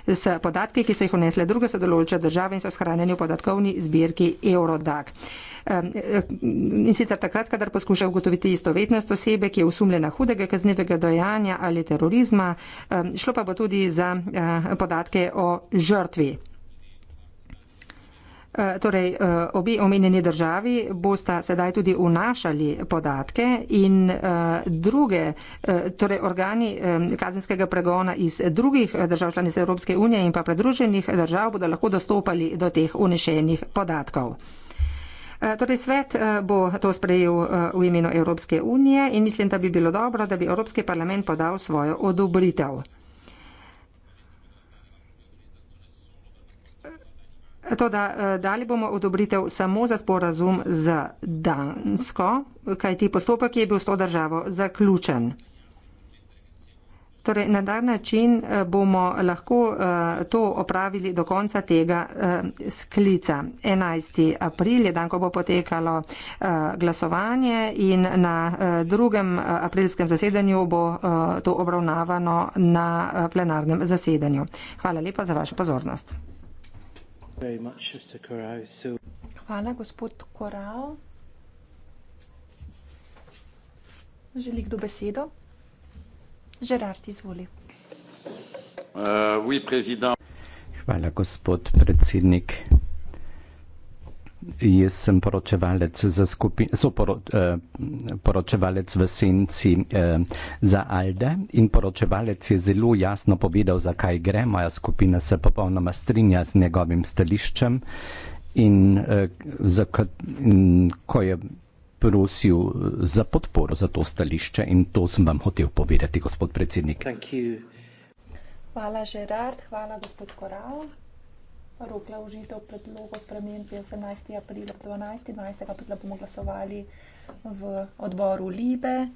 s podatki, ki so jih unesle druge sodelujoče države in so shranjeni v podatkovni zbirki Eurodak. Ehm, in sicer takrat, kadar poskuša ugotoviti istovetnost osebe, ki je usumljena hudega kaznevega dojanja ali terorizma, ehm, šlo pa bo tudi za eh, podatke o žrtvi. Eh, torej, eh, obi omenjeni državi boste sedaj tudi unašali podatke in druge, torej organi ehm, kazenskega pregona iz drugih držav članic Evropske unije in pa predruženih držav bodo lahko dostopali do teh unešenih podatkov. Eh, torej svet eh, bo to sprejel eh, v imenu Evropske unije in mislim, da bi bilo dobro, da bi Evropski parlament podal svojo odobritev. To, da dali bomo odobritev samo za sporazum z Dansko, kajti postopek je bil s to državo zaključen. Torej, na dan način eh, bomo eh, lahko eh, to opravili do konca tega sklica. 11. april je dan, ko bo potekalo glasovanje in na drugem aprilskem zasedanju bo to obravnavano na plenarnem zasedanju. Hvala lepa za vašo pozornost. Hvala, gospod Korao. Želi kdo besedo? Žerard, izvoli. Uh, oui, Hvala, gospod predsednik. Jaz sem poročevalec, skupin, so poro, eh, poročevalec v senci eh, za Alde in poročevalec je zelo jasno povedal, zakaj gre. Moja skupina se popolnoma strinja z njegovim stališčem in, eh, za, in ko je prosil eh, za podporo za to stališče in to sem vam hotel povedati, gospod predsednik. Hvala, Žerard, hvala, gospod Koral. Rokla užitev predlogo sprememb je 18. aprila 12. 12. aprila bomo glasovali v odboru Libe.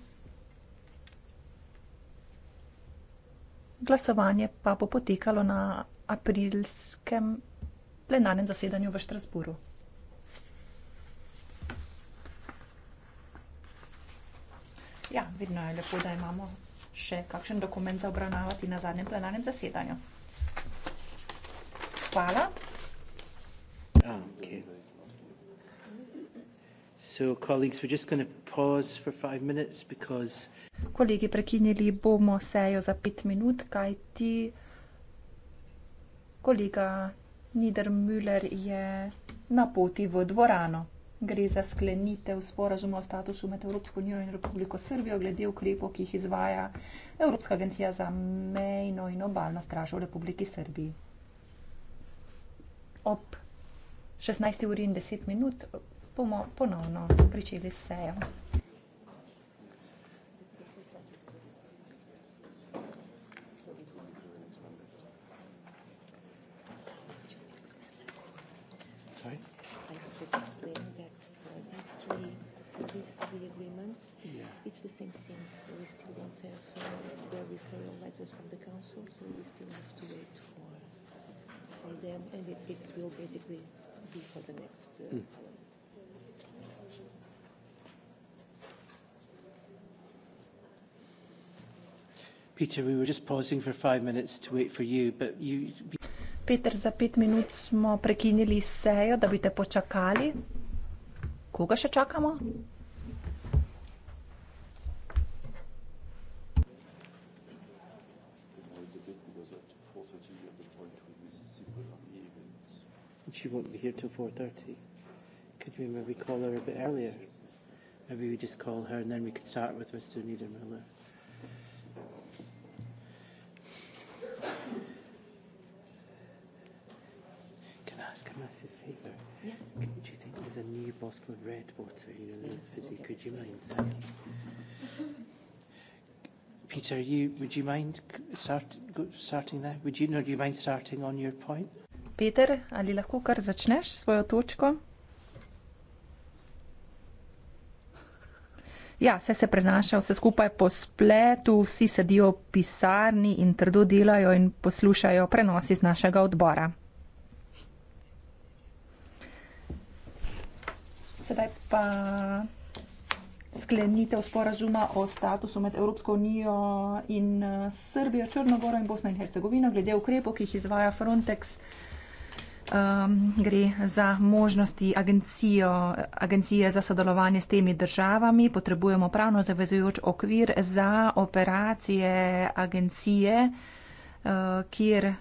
Glasovanje pa bo potekalo na aprilskem plenarnem zasedanju v Štrasburu. Ja, vedno je lepo, da imamo še kakšen dokument za obravnavati na zadnjem plenarnem zasedanju. Hvala. Kolegi, prekinili bomo sejo za pet minut, kaj ti kolega Niedermüller je na poti v dvorano. Gre za sklenitev sporažuma o statusu med Evropsko unijo in Republiko Srbijo glede ukrepov, ki jih izvaja Evropska agencija za mejno in obalno stražo v Republiki Srbiji. Ob 16. uri in 10 minut bomo ponovno pričeli s sejo. Peter, we were just pausing for five minutes to wait for you, but you. Peter, za pet minut smo prekinili sejo, da bi te počakali. Koga še čakamo? She won't be here till 4.30. Could we maybe call her a bit earlier? Maybe we just call her and then we could start with Mr. Niedermüller. ask a massive favour? Yes. Could, do you think there's a new bottle of red water, you know, the yes, fizzy? Okay. Could you mind? Thank you. Peter, you would you mind start, go, starting now? Would you, no, do you mind starting on your point? Peter, ali lahko kar začneš svojo točko? Ja, vse se prenaša, vse skupaj po spletu, vsi sedijo v pisarni in trdo delajo in poslušajo prenosi z našega odbora. Sedaj pa sklenitev sporazuma o statusu med Evropsko unijo in eh, Srbijo, Črnogoro in Bosno in Hercegovino glede ukrepov, ki jih izvaja Frontex. Um, gre za možnosti agencijo, agencije za sodelovanje s temi državami. Potrebujemo pravno zavezujoč okvir za operacije agencije, uh, kjer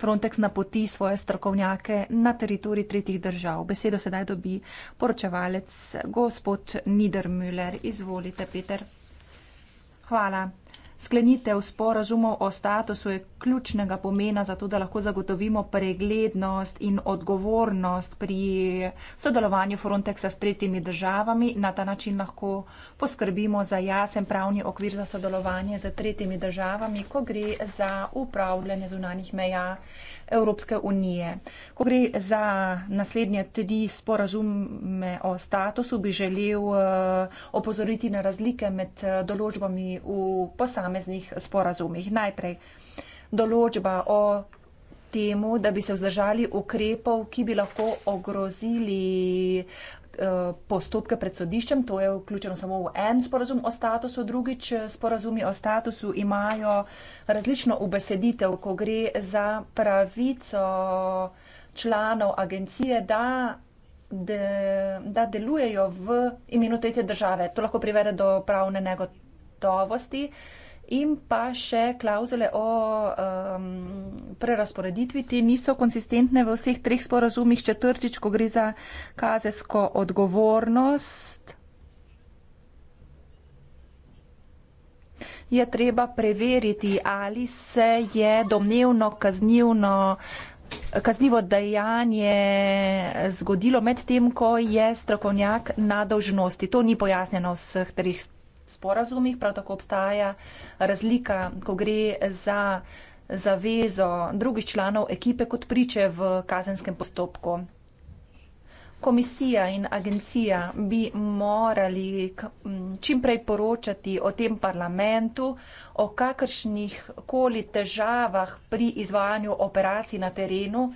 Frontex napoti svoje strokovnjake na teritorij tretjih držav. Besedo sedaj dobi poročevalec gospod Niedermüller. Izvolite, Peter. Hvala. Sklenitev sporazumov o statusu je ključnega pomena za to, da lahko zagotovimo preglednost in odgovornost pri sodelovanju Frontexa s tretjimi državami. Na ta način lahko poskrbimo za jasen pravni okvir za sodelovanje z tretjimi državami, ko gre za upravljanje zunanih meja Evropske unije. Ko gre za naslednje tedi sporazume o statusu, bi želel eh, opozoriti na razlike med eh, določbami v posameznih sporazumih. Najprej določba o temu, da bi se vzdržali ukrepov, ki bi lahko ogrozili uh, Eh, postopke pred sodiščem, to je vključeno samo v en sporazum o statusu, drugič eh, sporazumi o statusu imajo različno ubeseditev, ko gre za pravico članov agencije, da, de, da delujejo v imenu tretje države. To lahko privede do pravne negotovosti. Uh, in pa še klauzule o um, prerasporeditvi. Te niso konsistentne v vseh treh sporazumih. Četrtič, ko gre za kazensko odgovornost, je treba preveriti, ali se je domnevno kaznivno. Kaznivo dejanje zgodilo med tem, ko je strokovnjak na dožnosti. To ni pojasnjeno v vseh treh sporazumih, prav tako obstaja razlika, ko gre za zavezo drugih članov ekipe kot priče v kazenskem postopku. Komisija in agencija bi morali čim prej poročati o tem parlamentu, o kakršnih koli težavah pri izvajanju operacij na terenu,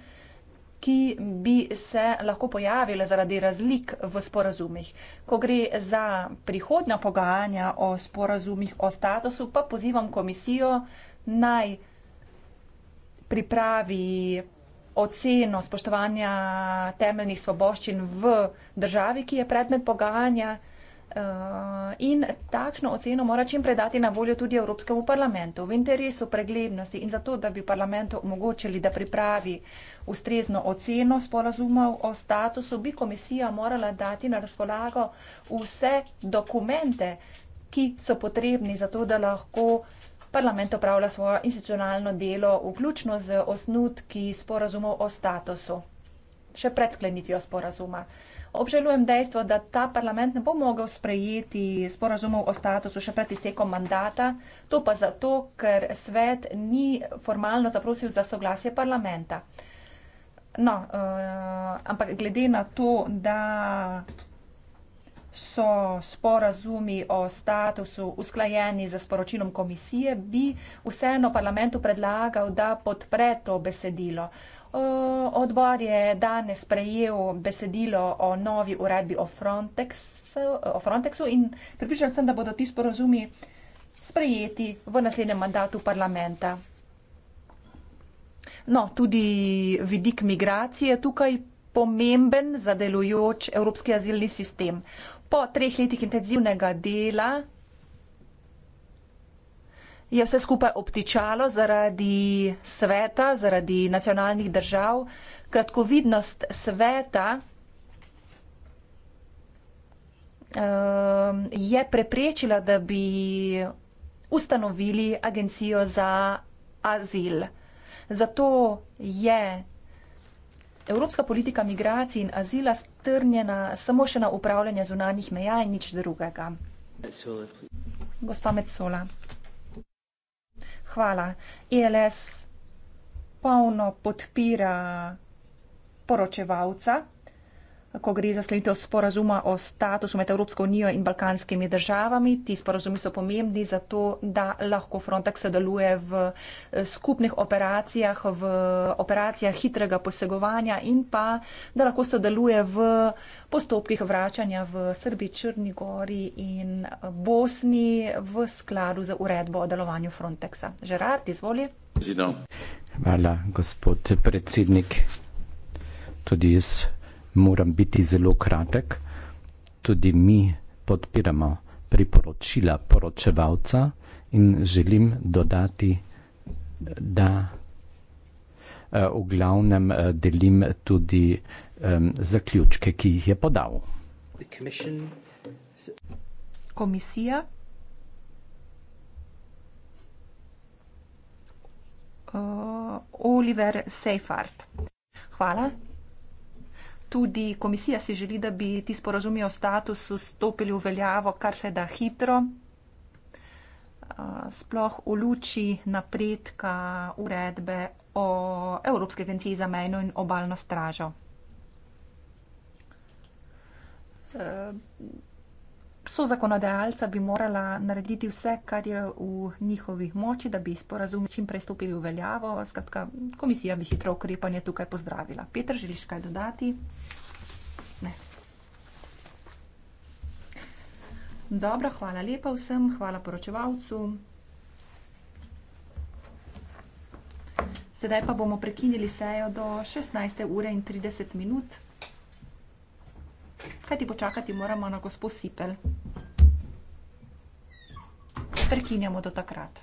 ki bi se lahko pojavile zaradi razlik v sporazumih. Ko gre za prihodna pogajanja o sporazumih o statusu, pa pozivam komisijo naj pripravi oceno spoštovanja temeljnih svoboščin v državi, ki je predmet pogajanja, Eh, in takšno oceno mora čim predati na voljo tudi Evropskemu parlamentu. V interesu preglednosti in zato, da bi parlamentu omogočili, da pripravi ustrezno oceno sporazumov o statusu, bi komisija morala dati na razpolago vse dokumente, ki so potrebni za to, da lahko parlament opravlja svojo institucionalno delo, vključno z osnutki sporazumov o statusu, še pred sklenitijo sporazuma. Uh, Obžalujem dejstvo, da ta parlament ne bo mogel sprejeti sporazumov o statusu še pred tekom mandata. To pa zato, ker svet ni formalno zaprosil za soglasje parlamenta. No, uh, ampak glede na to, da so sporazumi o statusu usklajeni z sporočilom komisije, bi vseeno parlamentu predlagal, da podpre to besedilo. Odbor je danes prejel besedilo o novi uredbi o Frontexu, o Frontexu in pripričan sem, da bodo ti sporozumi sprejeti v naslednjem mandatu parlamenta. No, tudi vidik migracije tukaj pomemben za delujoč evropski azilni sistem. Po treh letih intenzivnega dela je vse skupaj obtičalo zaradi sveta, zaradi nacionalnih držav. Kratkovidnost sveta ehm, je preprečila, da bi ustanovili agencijo za azil. Zato je evropska politika migracij in azila strnjena samo še na upravljanje zunanjih meja in nič drugega. Gospa Metsola hvala. ELS polno podpira poročevalca ko gre za sklenitev sporazuma o statusu med Evropsko unijo in balkanskimi državami. Ti sporazumi so pomembni zato, da lahko Frontex sodeluje v eh, skupnih operacijah, v operacijah hitrega posegovanja in pa da lahko sodeluje v postopkih vračanja v Srbiji, Črni Gori in eh, Bosni v skladu z uredbo o delovanju Frontexa. Žerard, izvoli. Hvala, gospod predsednik. Tudi jaz moram biti zelo kratek. Tudi mi podpiramo priporočila poročevalca in želim dodati, da eh, v glavnem eh, delim tudi zaključke, ki jih je podal. Komisija. Eh, Oliver Seyfarth. Hvala tudi komisija si želi, da bi ti sporazumi o statusu stopili v veljavo kar se da hitro, sploh v luči napredka uredbe o Evropske agenciji za mejno in obaljno stražo. E, so zakonodajalca bi morala narediti vse, kar je v njihovih moči, da bi sporazum čim prej stopili v veljavo. Skratka, komisija bi hitro ukrepanje tukaj pozdravila. Petr, želiš kaj dodati? Ne. Dobro, hvala lepa vsem, hvala poročevalcu. Sedaj pa bomo prekinili sejo do 16.30 minut. Kaj ti počakati moramo na gospod Sipel? Prekinjamo do takrat.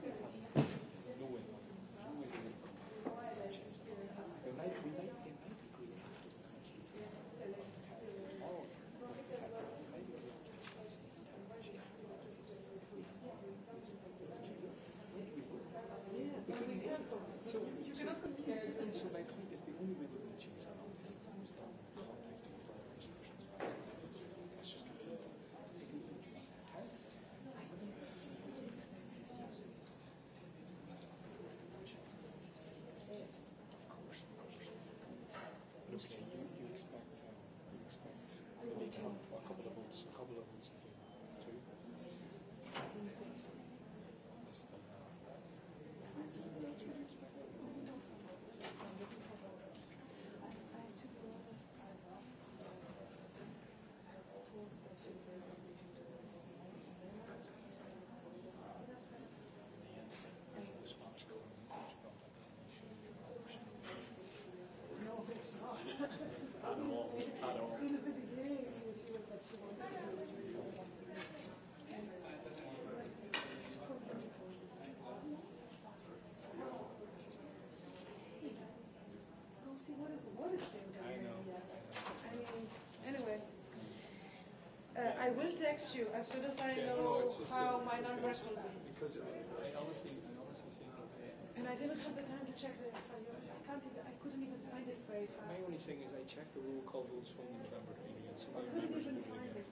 I will text you as soon as I yeah, know no, how the, my numbers will be. Because I honestly, I honestly think. Uh, and I didn't have the time to check the FIU. I can't even, I couldn't even find it very fast. My only thing is I checked the rule call rules from the November meeting. So I couldn't even find it. it.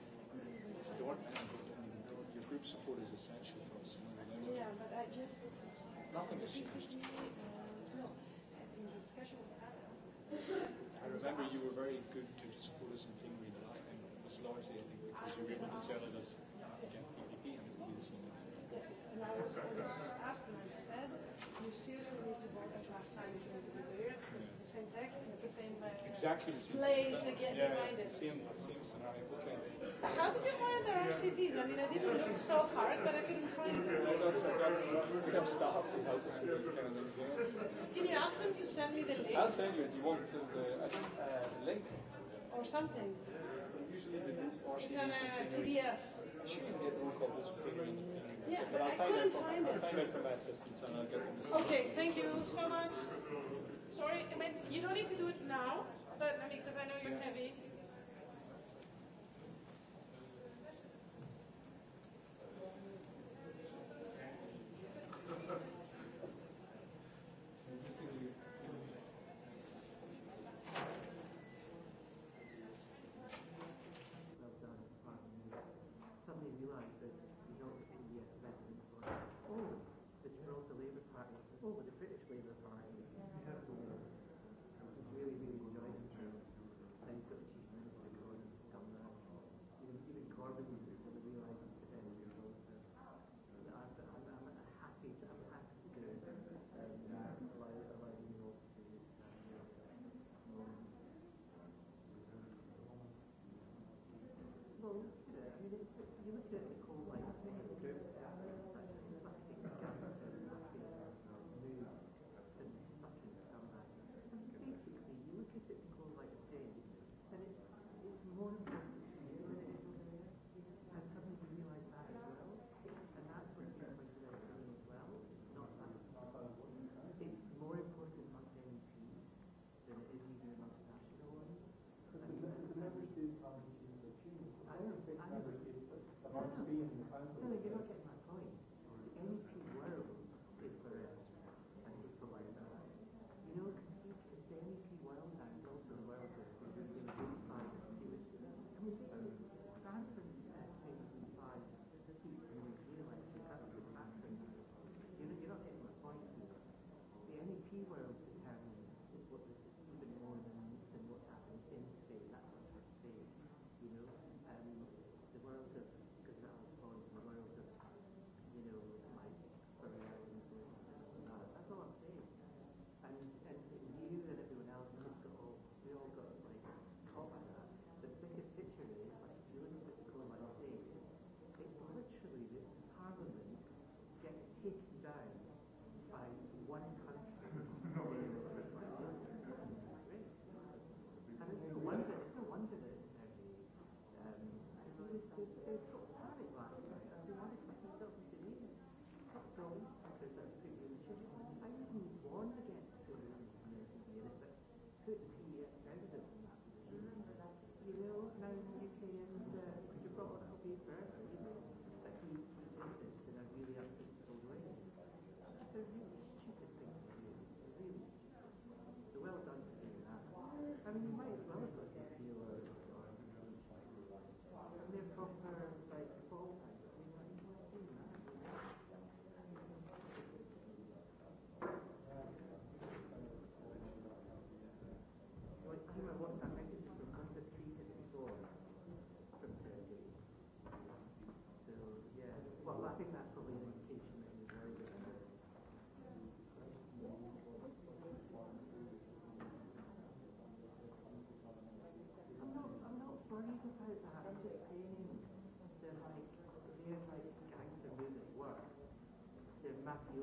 Don't, your group support is essential for us. Yeah, but I just. Nothing has changed. Uh, no, I think the discussion was I remember you were very good to support us in thing reading largely, I think, because you were able to sell it as against the EDP and it's the same. Yes, and I was uh, asked and I said, you seriously need to vote as last time you joined the year, because it's the same text and it's the same, uh, exactly the same place again yeah, behind it. Same, same scenario, okay. How did you find the RCTs? I mean, I didn't look so hard, but I couldn't find them. No, no, no, We have staff to help us with these kind of things. Can you ask them to send me the link? I'll send you it. You want to the, I think, uh, the link? Or something. Yeah. Okay, thank you so much. Sorry, I mean, you don't need to do it now, but I mean, because I know you're heavy. Matthew.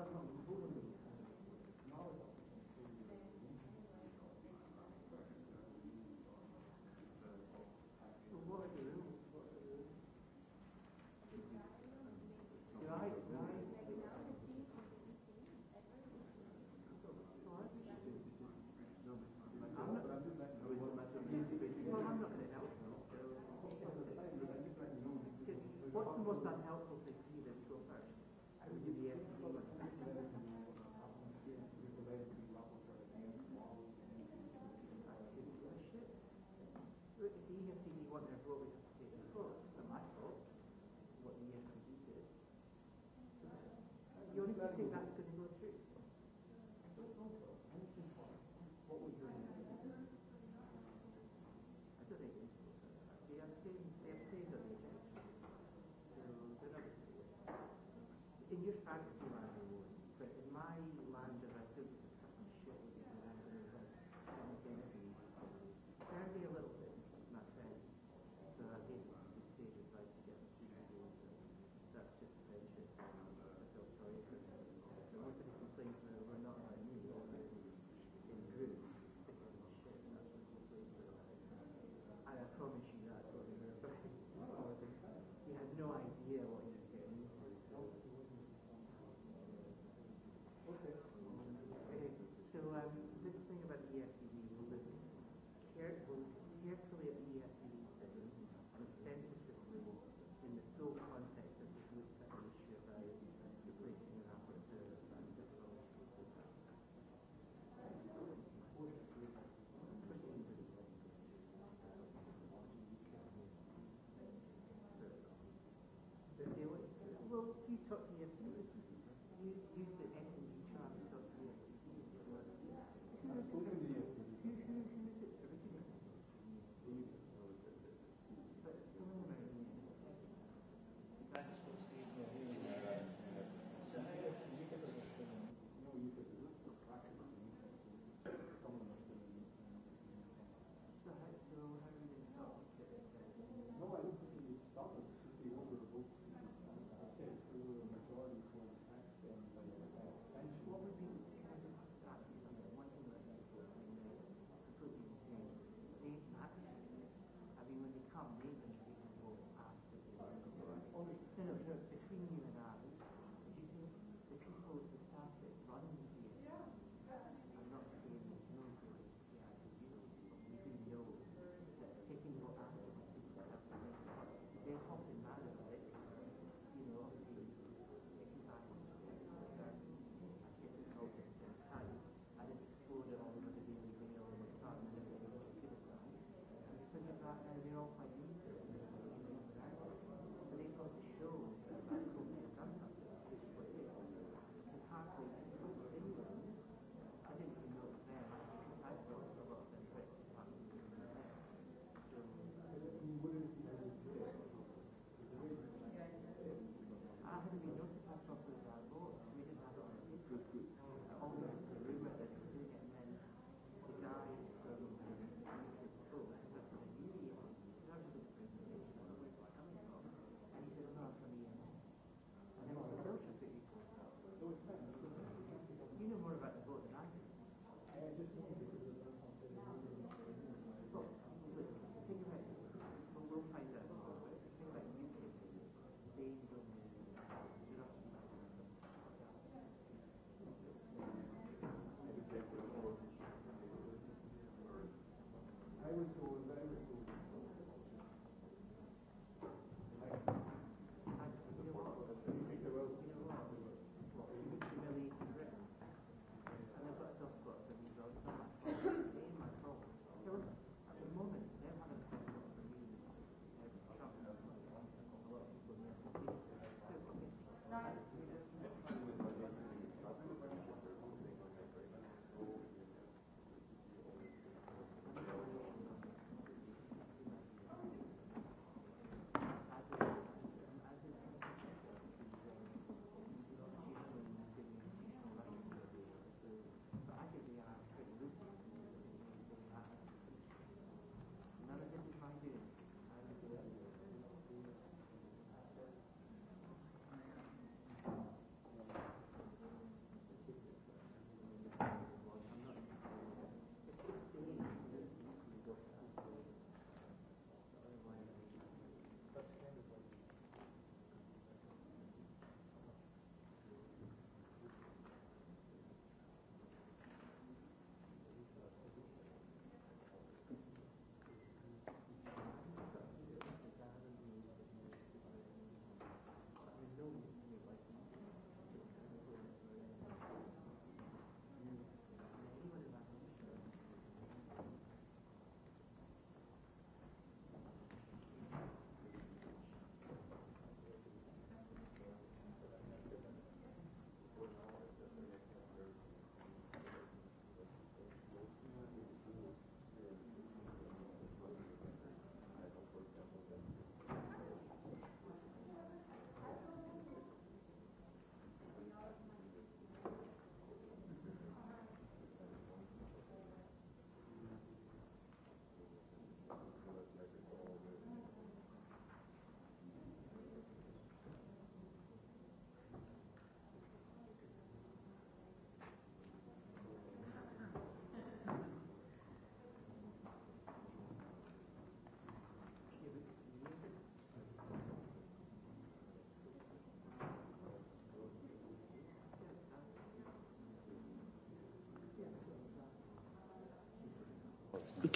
prvo, drugo,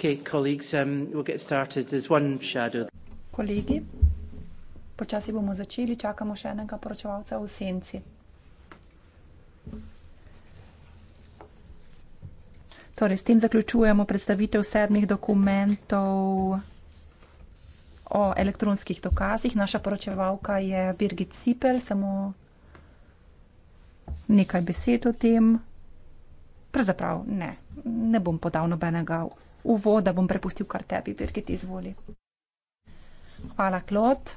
Okay, colleagues, um, we'll get started. There's one shadow. Kolegi, počasi bomo začeli, čakamo še enega poročevalca v senci. Torej, s tem zaključujemo predstavitev sedmih dokumentov o elektronskih dokazih. Naša poročevalka je Birgit Sipel, samo nekaj besed o tem. Pravzaprav ne, ne bom podal nobenega uvoda bom prepustil kar tebi, Birgit, izvoli. Hvala, Klot.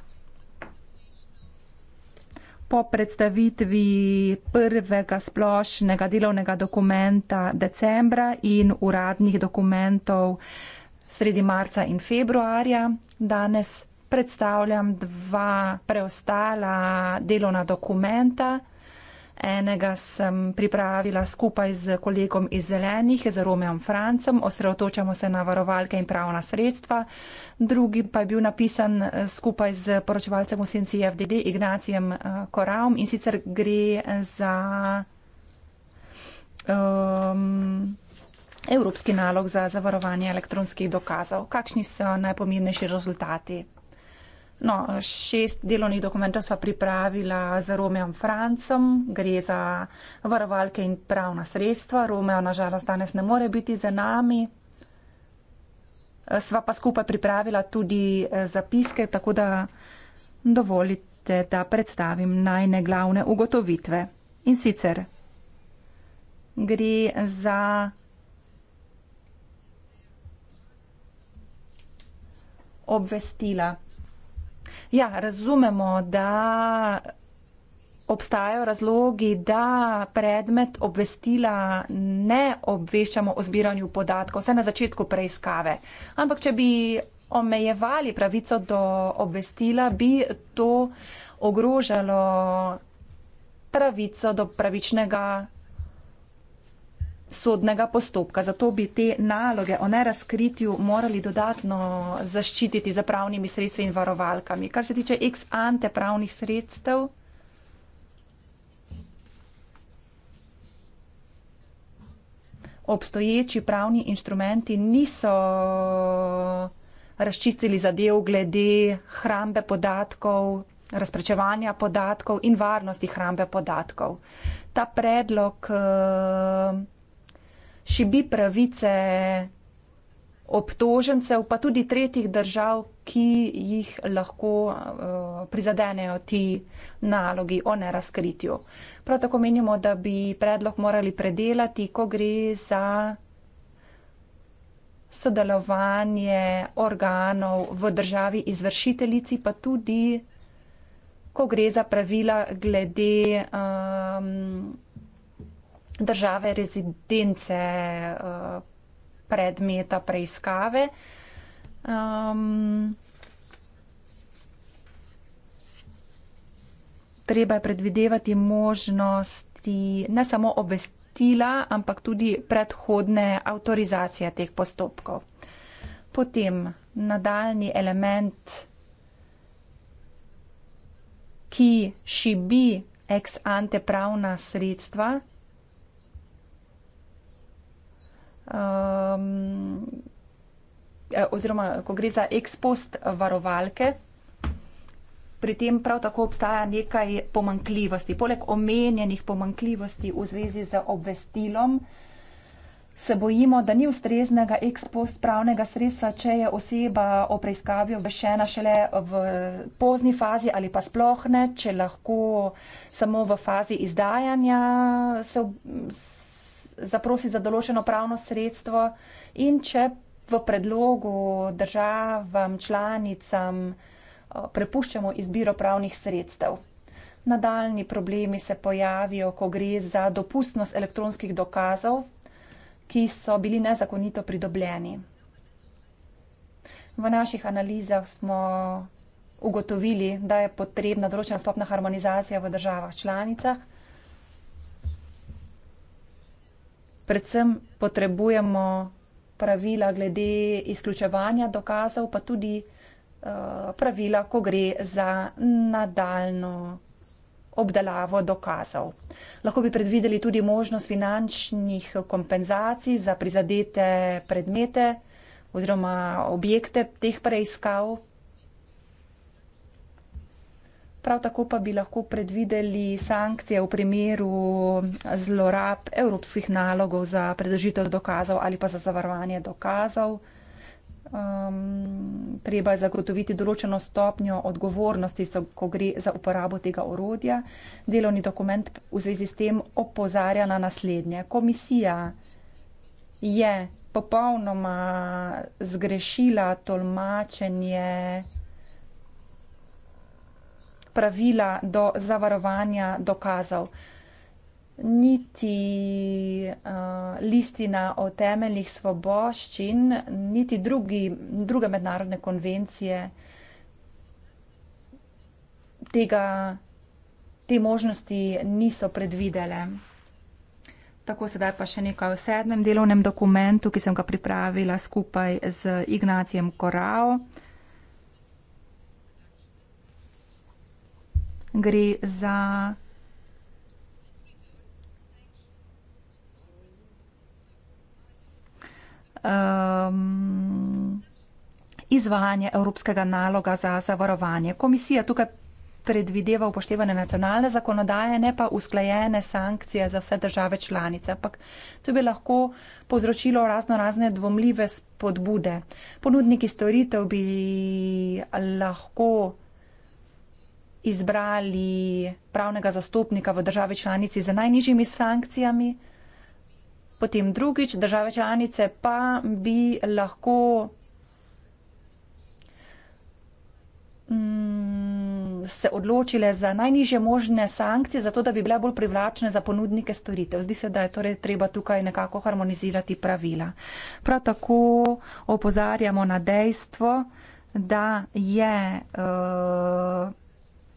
Po predstavitvi prvega splošnega delovnega dokumenta decembra in uradnih dokumentov sredi marca in februarja, danes predstavljam dva preostala delovna dokumenta. Enega sem pripravila skupaj z kolegom iz Zelenih, z Romeom Francem, osredotočamo se na varovalke in pravna sredstva. Drugi pa je bil napisan eh, skupaj z poročevalcem osenci FDD Ignacijem eh, Koravom in sicer gre za. Um, Evropski nalog za zavarovanje elektronskih dokazov. Kakšni so najpomembnejši rezultati No, šest delovnih dokumentov sva pripravila z Romeom Francom, gre za varovalke in pravna sredstva. Romeo nažalost danes ne more biti z nami. Sva pa skupaj pripravila tudi eh, zapiske, tako da dovolite, da predstavim najne glavne ugotovitve. In sicer gre za. Obvestila. Ja, razumemo, da obstajajo razlogi, da predmet obvestila ne obveščamo o zbiranju podatkov, vse na začetku preiskave. Ampak, če bi omejevali pravico do obvestila, bi to ogrožalo pravico do pravičnega sodnega postopka. Zato bi te naloge o nerazkritju morali dodatno zaščititi za pravnimi sredstvi in varovalkami. Kar se tiče ex ante pravnih sredstev. Obstoječi pravni inštrumenti niso razčistili zadev glede hrambe podatkov, razprečevanja podatkov in varnosti hrambe podatkov. Ta predlog uh, šibi pravice obtožencev, pa tudi tretjih držav, ki jih lahko uh, prizadenejo ti nalogi o nerazkritju. Prav tako menimo, da bi predlog morali predelati, ko gre za sodelovanje organov v državi izvršiteljici, pa tudi, ko gre za pravila glede um, države rezidence eh, predmeta preiskave. Um, treba je predvidevati možnosti ne samo obvestila, ampak tudi predhodne avtorizacije teh postopkov. Potem nadaljni element, ki šibi ex ante pravna sredstva, um, oziroma ko gre za ekspost varovalke, pri tem prav tako obstaja nekaj pomankljivosti. Poleg omenjenih pomankljivosti v zvezi z obvestilom, se bojimo, da ni ustreznega ekspost pravnega sredstva, če je oseba o preiskavi obešena šele v pozni fazi ali pa sploh ne, če lahko samo v fazi izdajanja se. se zaprosi za določeno pravno sredstvo in če v predlogu državam, članicam eh, prepuščamo izbiro pravnih sredstev. Nadaljni problemi se pojavijo, ko gre za dopustnost elektronskih dokazov, ki so bili nezakonito pridobljeni. V naših analizah smo ugotovili, da je potrebna določena stopna harmonizacija v državah članicah. predvsem potrebujemo pravila glede izključevanja dokazov, pa tudi eh, pravila, ko gre za nadaljno obdelavo dokazov. Lahko bi predvideli tudi možnost finančnih kompenzacij za prizadete predmete oziroma objekte teh preiskav prav tako pa bi lahko predvideli sankcije v primeru zlorab evropskih nalogov za predržitev dokazov ali pa za zavarovanje dokazov. Um, treba je zagotoviti določeno stopnjo odgovornosti, so, ko gre za uporabo tega orodja. Delovni dokument v zvezi s tem opozarja na naslednje. Komisija je popolnoma zgrešila tolmačenje pravila do zavarovanja dokazov. Niti uh, listina o temeljih svoboščin, niti drugi, druge mednarodne konvencije tega, te možnosti niso predvidele. Tako sedaj pa še nekaj o sedmem delovnem dokumentu, ki sem ga pripravila skupaj z Ignacijem Korao. gre za um, izvajanje evropskega naloga za zavarovanje. Komisija tukaj predvideva upoštevanje nacionalne zakonodaje, ne pa usklajene sankcije za vse države članice. Ampak to bi lahko povzročilo razno razne dvomljive spodbude. Ponudniki storitev bi lahko izbrali pravnega zastopnika v državi članici z najnižjimi sankcijami, potem drugič države članice pa bi lahko mm, se odločile za najnižje možne sankcije, zato da bi bile bolj privlačne za ponudnike storitev. Zdi se, da je torej treba tukaj nekako harmonizirati pravila. Prav tako opozarjamo na dejstvo, da je uh,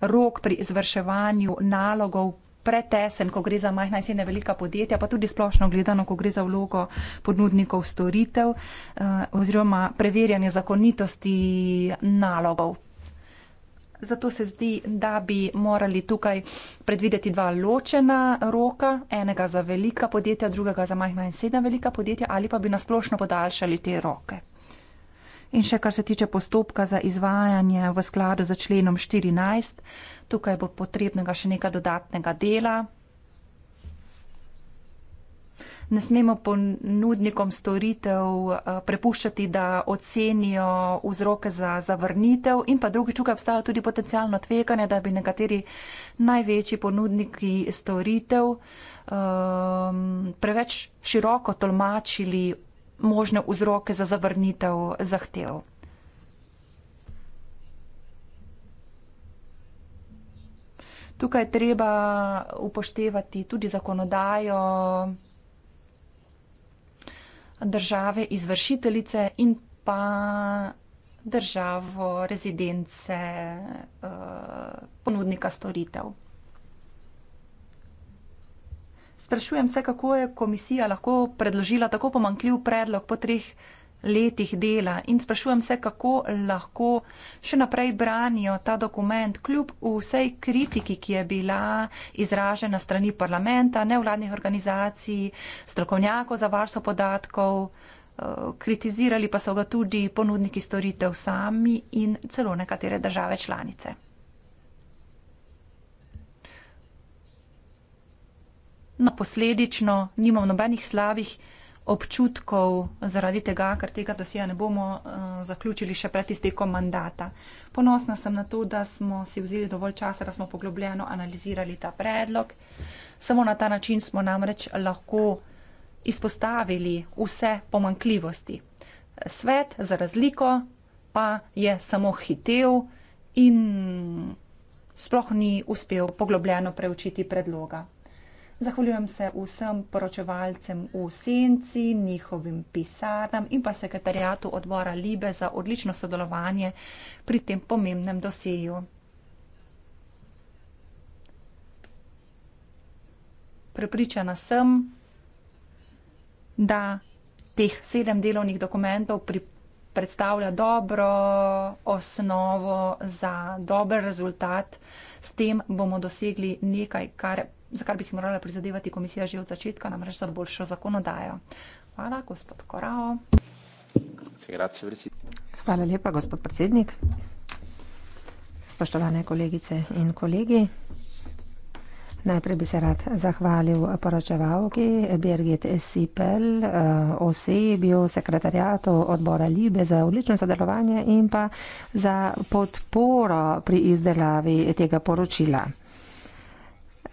rok pri izvrševanju nalogov pretesen, ko gre za majhna in srednja velika podjetja, pa tudi splošno gledano, ko gre za vlogo ponudnikov storitev eh, oziroma preverjanje zakonitosti nalogov. Zato se zdi, da bi morali tukaj predvideti dva ločena roka, enega za velika podjetja, drugega za majhna in srednja velika podjetja, ali pa bi nasplošno podaljšali te roke. In še kar se tiče postopka za izvajanje v skladu za členom 14, tukaj bo potrebnega še nekaj dodatnega dela. Ne smemo ponudnikom storitev eh, prepuščati, da ocenijo vzroke za zavrnitev in pa drugič, tukaj obstaja tudi potencijalno tveganje, da bi nekateri največji ponudniki storitev um, preveč široko tolmačili možne vzroke za zavrnitev zahtev. Tukaj treba upoštevati tudi zakonodajo države izvršiteljice in pa državo rezidence eh, ponudnika storitev sprašujem se, kako je komisija lahko predložila tako pomankljiv predlog po treh letih dela in sprašujem se, kako lahko še naprej branijo ta dokument, kljub vsej kritiki, ki je bila izražena strani parlamenta, nevladnih organizacij, strokovnjakov za varstvo podatkov, eh, kritizirali pa so ga tudi ponudniki storitev sami in celo nekatere države članice. no, posledično nimam nobenih slabih občutkov zaradi tega, ker tega dosija ne bomo uh, zaključili še pred iztekom mandata. Ponosna sem na to, da smo si vzeli dovolj časa, da smo poglobljeno analizirali ta predlog. Samo na ta način smo namreč lahko izpostavili vse pomankljivosti. Svet za razliko pa je samo hitel in sploh ni uspel poglobljeno preučiti predloga. Zahvaljujem se vsem poročevalcem v Senci, njihovim pisarnam in pa sekretarijatu odbora Libe za odlično sodelovanje pri tem pomembnem dosiju. Prepričana sem, da teh sedem delovnih dokumentov predstavlja dobro osnovo za dober rezultat. S tem bomo dosegli nekaj, kar za kar bi si morala prizadevati komisija že od začetka, namreč za boljšo zakonodajo. Hvala, gospod Korao. Hvala lepa, gospod predsednik. Spoštovane kolegice in kolegi. Najprej bi se rad zahvalil poročevalki Birgit Sipel, eh, osebju sekretarjatu odbora Libe za odlično sodelovanje in pa za podporo pri izdelavi tega poročila.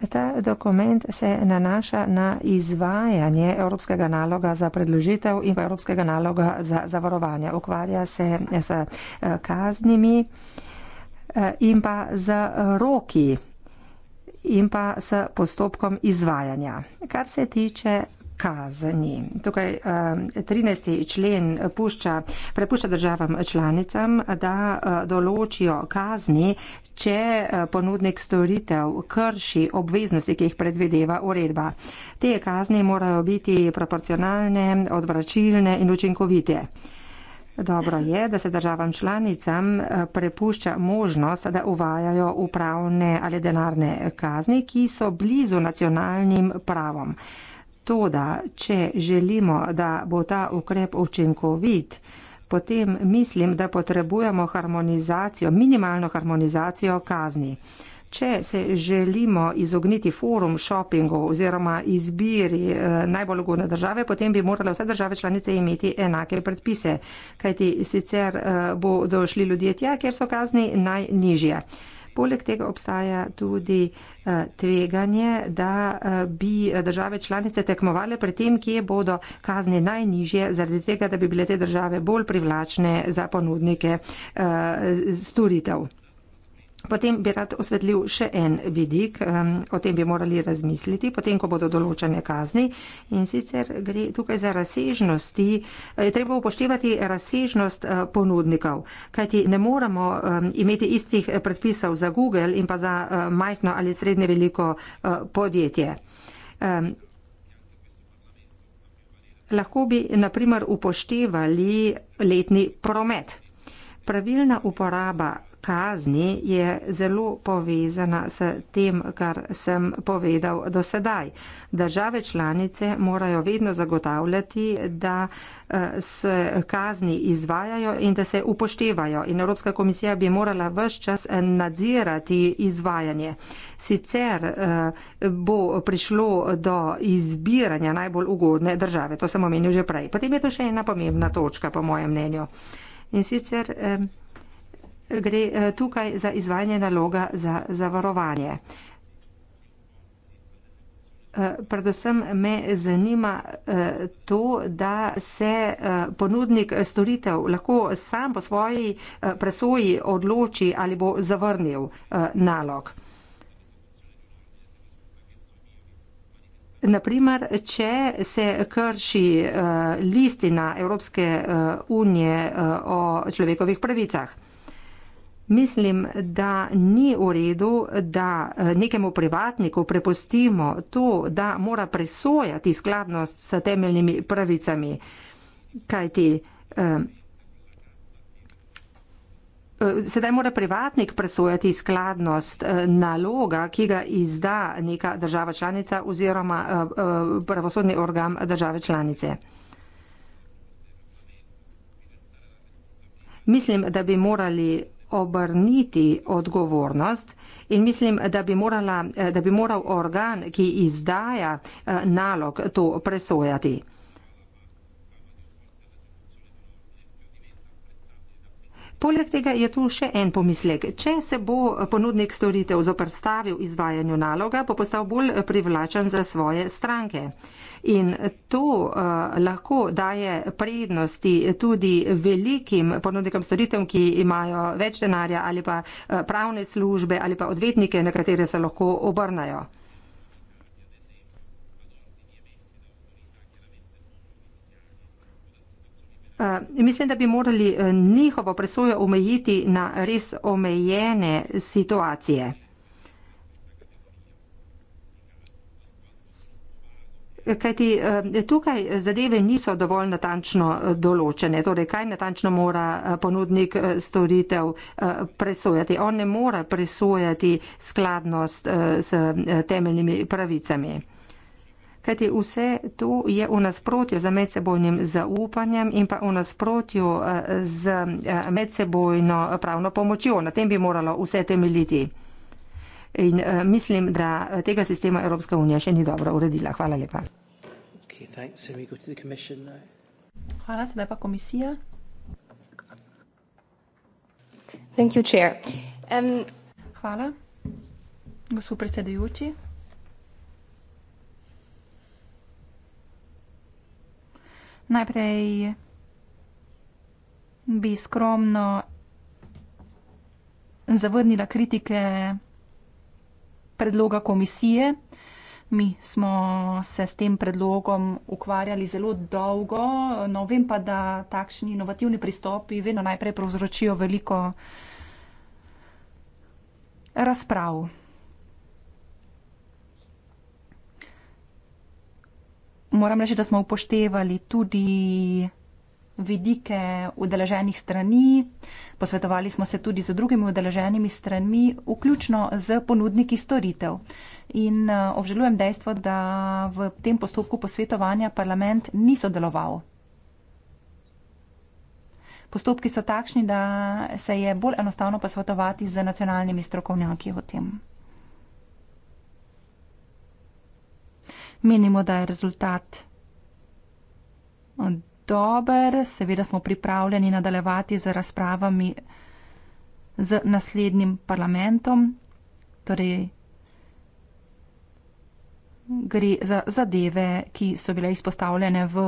Ta dokument se nanaša na izvajanje evropskega naloga za predložitev in pa evropskega naloga za zavarovanje. Ukvarja se s eh, kaznimi eh, in pa z roki in pa s postopkom izvajanja. Kar se tiče kazni. Tukaj 13. Eh, člen pušča, prepušča državam članicam, da eh, določijo kazni, če eh, ponudnik storitev krši obveznosti, ki jih predvideva uredba. Te kazni morajo biti proporcionalne, odvračilne in učinkovite. Dobro je, da se državam članicam prepušča možnost, da uvajajo upravne ali denarne kazni, ki so blizu nacionalnim pravom. Toda, če želimo, da bo ta ukrep učinkovit, potem mislim, da potrebujemo harmonizacijo, minimalno harmonizacijo kazni. Če se želimo izogniti forum shoppingu oziroma izbiri eh, najbolj ugodne države, potem bi morale vse države članice imeti enake predpise, kajti sicer eh, bodo šli ljudje tja, kjer so kazni najnižje. Poleg tega obstaja tudi eh, tveganje, da eh, bi države članice tekmovale pred tem, kje bodo kazni najnižje, zaradi tega, da bi bile te države bolj privlačne za ponudnike eh, storitev. Potem bi rad osvetlil še en vidik, o tem bi morali razmisliti, potem, ko bodo določene kazni. In sicer gre tukaj za razsežnosti, eh, treba upoštevati razsežnost eh, ponudnikov, kajti ne moramo imeti istih eh, predpisov za Google in pa za majhno ali srednje veliko podjetje. Lahko bi naprimer upoštevali letni promet. Pravilna uporaba kazni je zelo povezana s tem, kar sem povedal do sedaj. Države članice morajo vedno zagotavljati, da eh, se kazni izvajajo in da se upoštevajo. In Evropska komisija bi morala vse čas nadzirati izvajanje. Sicer eh, bo prišlo do izbiranja najbolj ugodne države, to sem omenil že prej. Potem je to še ena pomembna točka, po mojem mnenju. In sicer eh, gre eh, tukaj za izvajanje naloga za zavarovanje. Eh, predvsem me zanima eh, to, da se ponudnik storitev lahko sam po svoji presoji odloči ali bo zavrnil nalog. Naprimer, če se krši listina Evropske unije o človekovih pravicah. Mislim, da ni v redu, da eh, nekemu privatniku prepustimo to, da mora presojati skladnost s temeljnimi pravicami. Kajti, eh, eh, Sedaj mora privatnik presojati skladnost naloga, ki ga izda neka država članica oziroma pravosodni organ države članice. Mislim, da bi morali obrniti odgovornost in mislim, da bi, morala, eh, da bi moral organ, ki izdaja eh, nalog, to presojati. Poleg tega je tu še en pomislek. Če se bo ponudnik storitev zoprstavil izvajanju naloga, bo postal bolj privlačen za svoje stranke in to eh, lahko daje prednosti tudi velikim ponudnikom storitev, ki imajo več denarja ali pa eh, pravne službe ali pa odvetnike, na katere se lahko obrnajo. Eh, mislim, da bi morali njihovo presojo omejiti na res omejene situacije. kajti eh, tukaj zadeve niso dovolj natančno eh, določene, torej kaj natančno mora eh, ponudnik storitev presojati. On ne more presojati skladnost s temeljnimi pravicami. Kajti vse to je v nasprotju z medsebojnim zaupanjem in pa v nasprotju z medsebojno pravno pomočjo. Na tem bi moralo vse temeljiti. In mislim, da tega sistema Evropska unija še ni dobro uredila. Hvala lepa. Okay, thanks. So we go to the Commission now. Hvala, sedaj pa komisija. Thank you, chair. Um, Hvala, gospod predsedujoči. Najprej bi skromno zavrnila kritike predloga komisije. Mi smo se s tem predlogom ukvarjali zelo dolgo, no vem pa, da takšni inovativni pristopi vedno najprej povzročijo veliko razprav. Moram reči, da smo upoštevali tudi vidike udeleženih strani, posvetovali smo se tudi z drugimi udeleženimi stranmi, vključno z ponudniki storitev in eh, obžalujem dejstvo, da v tem postopku posvetovanja parlament ni sodeloval. Postopki so takšni, da se je bolj enostavno posvetovati z nacionalnimi strokovnjaki o tem. Menimo, da je rezultat eh, dober. Seveda smo pripravljeni nadaljevati z razpravami z naslednjim parlamentom, torej gre za zadeve, ki so bile izpostavljene v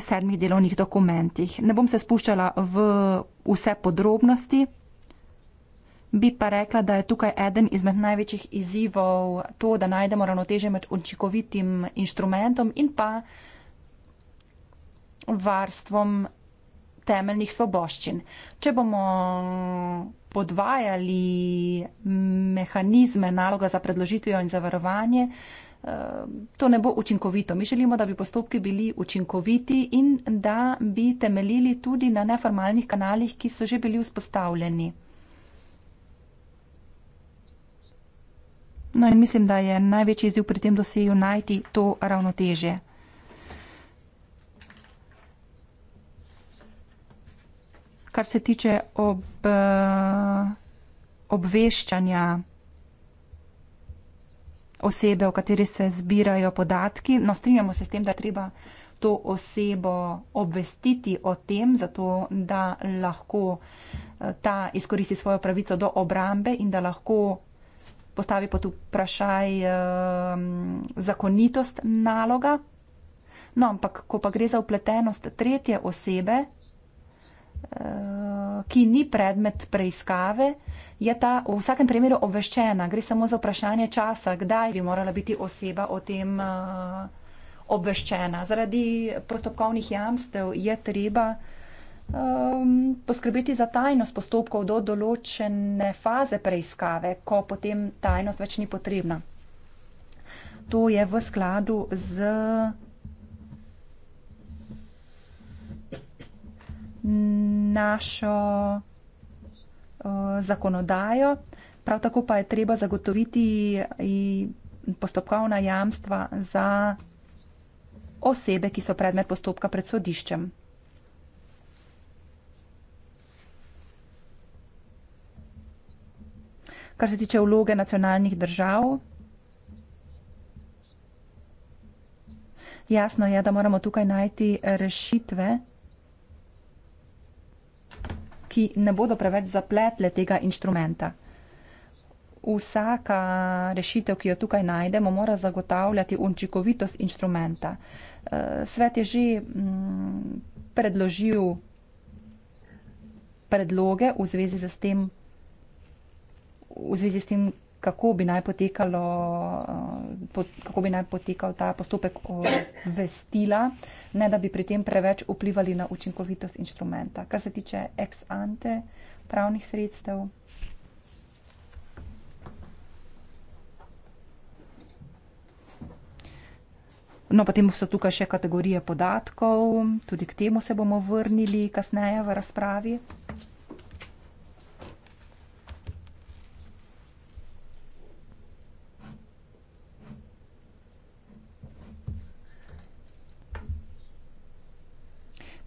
sedmih delovnih dokumentih. Ne bom se spuščala v vse podrobnosti, bi pa rekla, da je tukaj eden izmed največjih izzivov to, da najdemo ravnoteže med učinkovitim inštrumentom in pa varstvom temeljnih svoboščin. Če bomo podvajali mehanizme naloga za predložitvijo in zavarovanje, eh, to ne bo učinkovito. Mi želimo, da bi postopki bili učinkoviti in da bi temeljili tudi na neformalnih kanalih, ki so že bili vzpostavljeni. No in mislim, da je največji izziv pri tem dosegu najti to ravnotežje. kar se tiče ob, eh, obveščanja osebe, v kateri se zbirajo podatki. No, strinjamo se s tem, da je treba to osebo obvestiti o tem, zato da lahko eh, ta izkoristi svojo pravico do obrambe in da lahko postavi pod vprašaj eh, zakonitost naloga. No, ampak ko pa gre za upletenost tretje osebe, ki ni predmet preiskave, je ta v vsakem primeru obveščena. Gre samo za vprašanje časa, kdaj bi morala biti oseba o tem eh, obveščena. Zaradi postopkovnih jamstev je treba um, poskrbeti za tajnost postopkov do določene faze preiskave, ko potem tajnost več ni potrebna. To je v skladu z našo eh, zakonodajo. Prav tako pa je treba zagotoviti eh, postopkovna jamstva za osebe, ki so predmet postopka pred sodiščem. Kar se tiče vloge nacionalnih držav, jasno je, da moramo tukaj najti rešitve ki ne bodo preveč zapletle tega inštrumenta. Vsaka rešitev, ki jo tukaj najdemo, mora zagotavljati učinkovitost inštrumenta. Eh, svet je že mm, predložil predloge v zvezi s tem, v zvezi s tem kako bi naj, potekalo, eh, kako bi naj potekal ta postopek vestila, ne da bi pri tem preveč vplivali na učinkovitost inštrumenta. Kar se tiče ex ante pravnih sredstev. No, potem so tukaj še kategorije podatkov, tudi k temu se bomo vrnili kasneje v razpravi.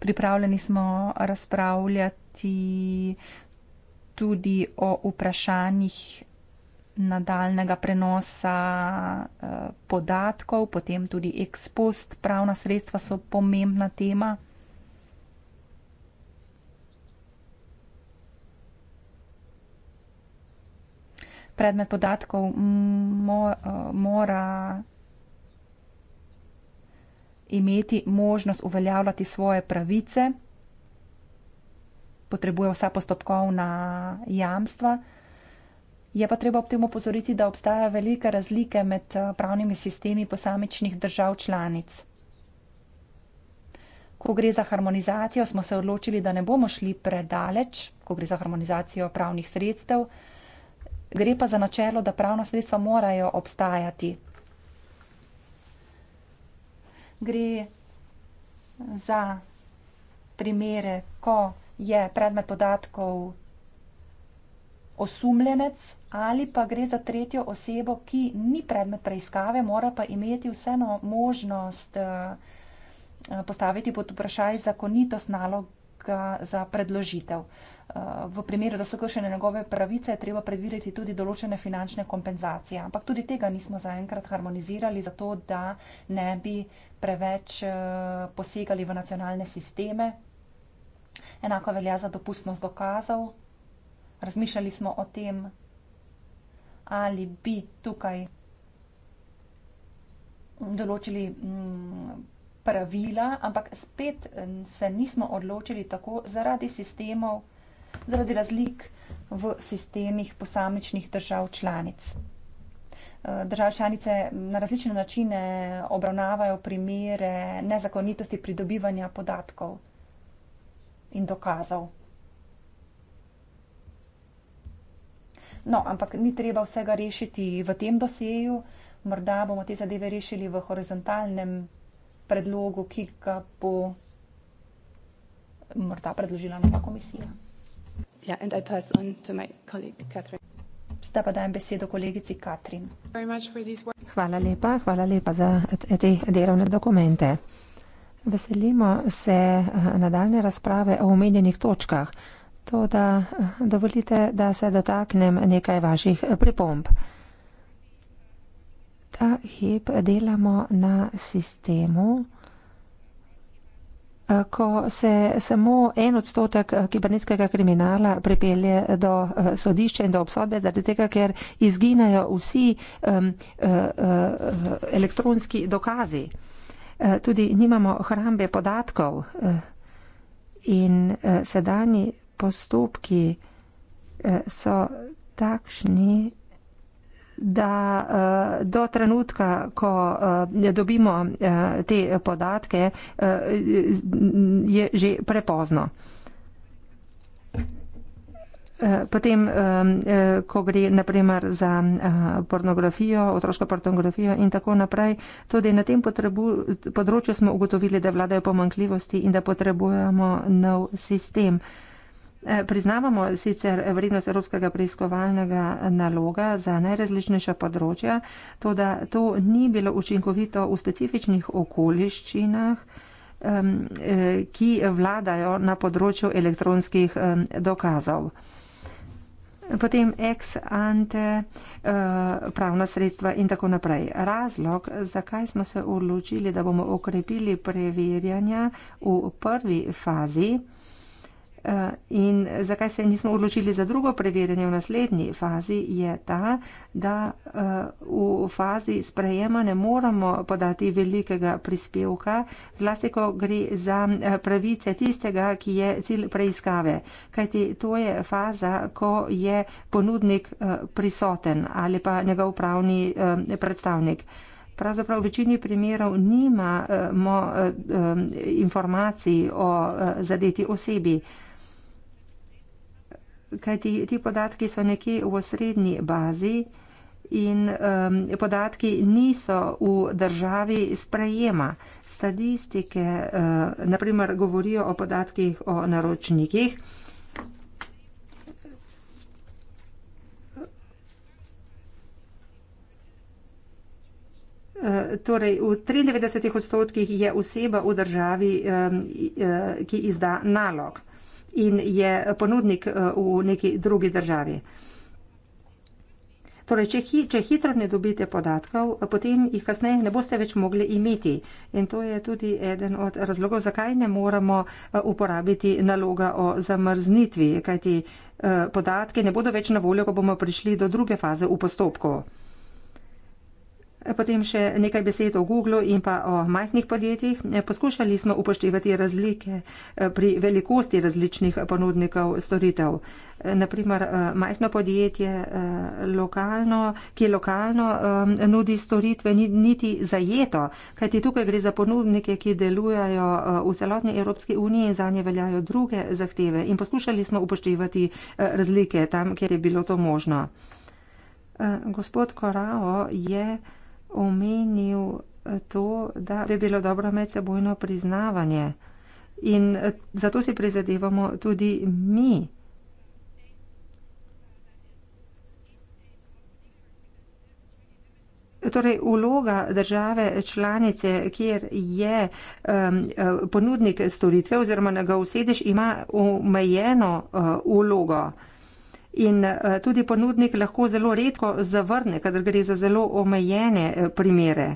Pripravljeni smo razpravljati tudi o vprašanjih nadaljnega prenosa eh, podatkov, potem tudi ekspost. Pravna sredstva so pomembna tema. Predmet podatkov eh, mora imeti možnost uveljavljati svoje pravice, potrebuje vsa postopkovna jamstva. Je pa treba ob tem upozoriti, da obstaja velike razlike med eh, pravnimi sistemi posamičnih držav članic. Ko gre za harmonizacijo, smo se odločili, da ne bomo šli predaleč, ko gre za harmonizacijo pravnih sredstev. Gre pa za načelo, da pravna sredstva morajo obstajati gre za primere, ko je predmet podatkov osumljenec ali pa gre za tretjo osebo, ki ni predmet preiskave, mora pa imeti vseeno možnost eh, postaviti pod vprašaj zakonitost nalog postopka za predložitev. Eh, v primeru, da so kršene njegove pravice, je treba predvideti tudi določene finančne kompenzacije. Ampak tudi tega nismo zaenkrat harmonizirali, zato da ne bi preveč eh, posegali v nacionalne sisteme. Enako velja za dopustnost dokazov. Razmišljali smo o tem, ali bi tukaj določili. Mm, pravila, ampak spet se nismo odločili tako zaradi sistemov, zaradi razlik v sistemih posamičnih držav članic. Države članice na različne načine obravnavajo primere nezakonitosti pridobivanja podatkov in dokazov. No, ampak ni treba vsega rešiti v tem doseju, morda bomo te zadeve rešili v horizontalnem predlogu, ki ga bo morda predložila nova komisija. Ja, in zdaj pas on to my colleague Catherine. Zdaj pa dajem besedo kolegici Katrin. Hvala lepa, hvala lepa za te delovne dokumente. Veselimo se eh, nadaljne razprave o omenjenih točkah, to da eh, dovolite, da se dotaknem nekaj vaših pripomb ta hip delamo na sistemu, eh, ko se samo en odstotek eh, kibernetskega kriminala pripelje do eh, sodišča in do obsodbe, zaradi tega, ker izginajo vsi um, uh, uh, elektronski dokazi. Tudi nimamo hrambe podatkov in sedani postopki so takšni, da eh, do trenutka, ko eh, dobimo eh, te podatke, je že prepozno. Potem, ko gre naprimer za pornografijo, otroško pornografijo in tako naprej, tudi na tem potrebu, področju smo ugotovili, da vladajo pomankljivosti in da potrebujemo nov sistem. Eh, priznavamo sicer vrednost Evropskega preiskovalnega naloga za najrazličnejša področja, to da to ni bilo učinkovito v specifičnih okoliščinah, eh, ki vladajo na področju elektronskih dokazov. Potem ex ante, eh, pravna sredstva in tako naprej. Razlog, zakaj smo se odločili, da bomo okrepili preverjanja v prvi fazi, Eh, in zakaj se nismo odločili za drugo preverjanje v naslednji fazi, je ta, da eh, v fazi sprejema ne moramo podati velikega prispevka, zlasti ko gre za eh, pravice tistega, ki je cilj preiskave. Kajti to je faza, ko je ponudnik prisoten ali pa njegov pravni predstavnik. Pravzaprav v večini primerov nimamo informacij o zadeti osebi kajti ti podatki so nekje v osrednji bazi in um, podatki niso v državi sprejema. Statistike uh, eh, naprimer govorijo o podatkih o naročnikih. Eh, torej, v 93 odstotkih je oseba v državi, eh, ki izda nalog in je ponudnik eh, v neki drugi državi. Torej, če, hi, če hitro ne dobite podatkov, eh, potem jih kasneje ne boste več mogli imeti. In to je tudi eden od razlogov, zakaj ne moramo eh, uporabiti naloga o zamrznitvi, kajti podatke ne bodo več na voljo, ko bomo prišli do druge faze v postopku. Potem še nekaj besed o Google in pa o majhnih podjetjih. Poskušali smo upoštevati razlike eh, pri velikosti različnih ponudnikov storitev. Eh, Naprimer, eh, majhno podjetje, lokalno, ki lokalno nudi storitve, ni niti zajeto, kajti tukaj gre za ponudnike, ki delujajo v celotni Evropski uniji in za nje veljajo druge zahteve. In poskušali smo upoštevati razlike tam, kjer je bilo to možno. Gospod Korao je omenil eh, to, da bi bilo dobro medsebojno priznavanje. In eh, zato si prizadevamo tudi mi. Torej, vloga države članice, kjer je um, ponudnik storitve oziroma na ga vsedeš, ima omejeno uh, vlogo in eh, tudi ponudnik lahko zelo redko zavrne, kadar gre za zelo omejene eh, primere.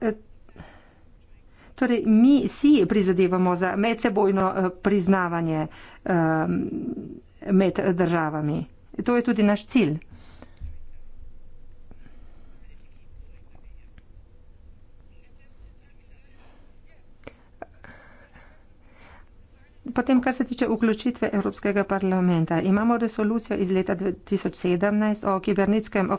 Eh, torej, mi si prizadevamo za medsebojno priznavanje med državami. To je tudi naš cilj. Potem, kar se tiče vključitve Evropskega parlamenta, imamo resolucijo iz leta 2017 o, o kibernetskem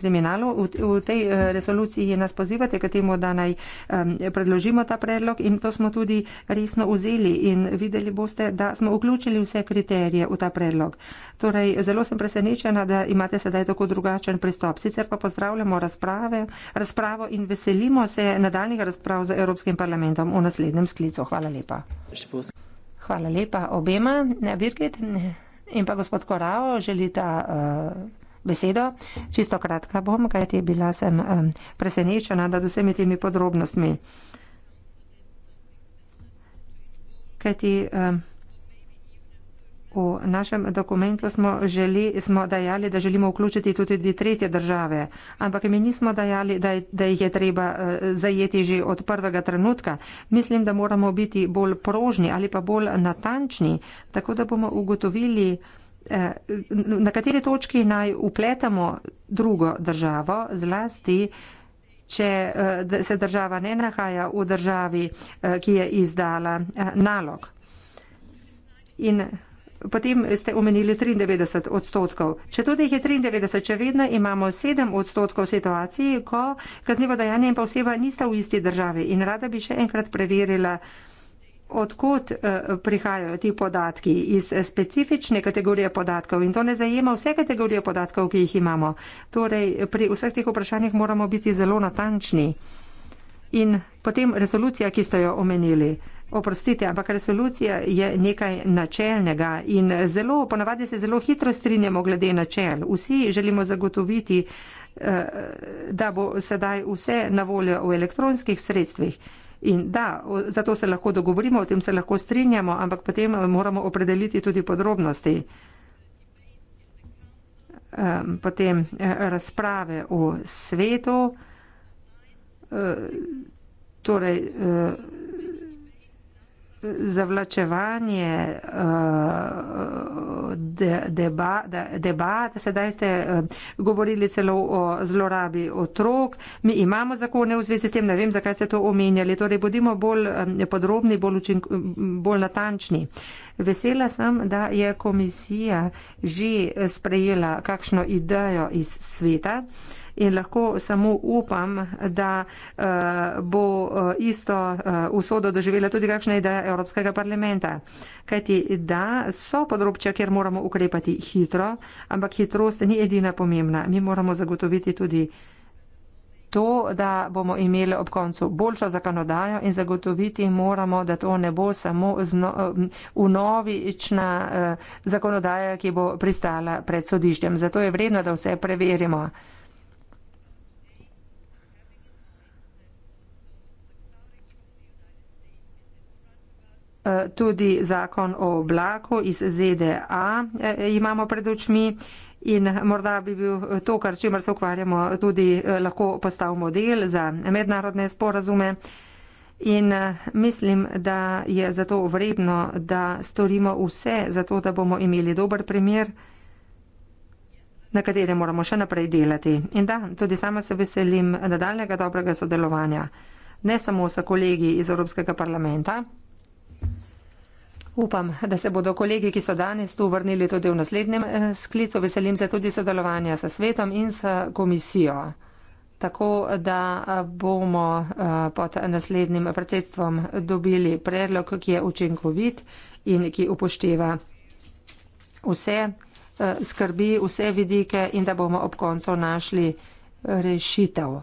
kriminalu. V, v tej eh, resoluciji nas pozivate k temu, da naj um, predložimo ta predlog in to smo tudi resno vzeli in videli boste, da smo vključili vse kriterije v ta predlog. Torej, zelo sem presenečena, da imate sedaj tako drugačen pristop. Sicer pa pozdravljamo razprave, razpravo in veselimo se nadaljnih razprav z Evropskim parlamentom v naslednjem sklicu. Hvala lepa. Še Hvala lepa obema, ne Birgit in pa gospod Korao, želita uh, besedo. Čisto kratka bom, kajti bila sem um, presenečena nad vsemi temi podrobnostmi. Kajti, um, V našem dokumentu smo, želi, smo dajali, da želimo vključiti tudi tretje države, ampak mi nismo dajali, da, da jih je treba eh, zajeti že od prvega trenutka. Mislim, da moramo biti bolj prožni ali pa bolj natančni, tako da bomo ugotovili, eh, na kateri točki naj upletamo drugo državo, zlasti, če eh, se država ne nahaja v državi, ki je izdala nalog. In Potem ste omenili 93 odstotkov. Če tudi jih je 93, če vedno imamo 7 odstotkov situacij, ko kaznivo dejanje in pa oseba nista v isti državi. In rada bi še enkrat preverila, odkot eh, prihajajo ti podatki iz eh, specifične kategorije podatkov. In to ne zajema vse kategorije podatkov, ki jih imamo. Torej, pri vseh teh vprašanjih moramo biti zelo natančni. In potem resolucija, ki ste jo omenili. Oprostite, ampak resolucija je nekaj načelnega in zelo, ponavadi se zelo hitro strinjamo glede načel. Vsi želimo zagotoviti, eh, da bo sedaj vse na voljo v elektronskih sredstvih. In da, zato se lahko dogovorimo, o tem se lahko strinjamo, ampak potem moramo opredeliti tudi podrobnosti. Potem eh, razprave o svetu. Eh, torej, zavlačevanje eh, deba, debat, sedaj ste eh, govorili celo o zlorabi otrok, mi imamo zakone v zvezi s tem, ne vem, zakaj ste to omenjali, torej bodimo bolj eh, podrobni, bolj, učink, bolj natančni. Vesela sem, da je komisija že sprejela kakšno idejo iz sveta in lahko samo upam, da eh, bo eh, isto eh, usodo doživela tudi kakšna ideja Evropskega parlamenta. Kajti da so področja, kjer moramo ukrepati hitro, ampak hitrost ni edina pomembna. Mi moramo zagotoviti tudi to, da bomo imeli ob koncu boljšo zakonodajo in zagotoviti moramo, da to ne bo samo unovična zakonodaja, ki bo pristala pred sodiščem. Zato je vredno, da vse preverimo. tudi zakon o oblaku iz ZDA e, imamo pred očmi in morda bi bil to, kar čemer se ukvarjamo, tudi e, lahko postal model za mednarodne sporazume. In e, mislim, da je zato vredno, da storimo vse, zato da bomo imeli dober primer, na katerem moramo še naprej delati. In da, tudi sama se veselim nadaljnega dobrega sodelovanja, ne samo sa kolegi iz Evropskega parlamenta. Upam, da se bodo kolegi, ki so danes tu vrnili tudi v naslednjem eh, sklicu, veselim se tudi sodelovanja s svetom in s komisijo. Tako da eh, bomo eh, pod naslednjim predsedstvom dobili predlog, ki je učinkovit in ki upošteva vse skrbi, vse vidike in da bomo ob koncu našli rešitev.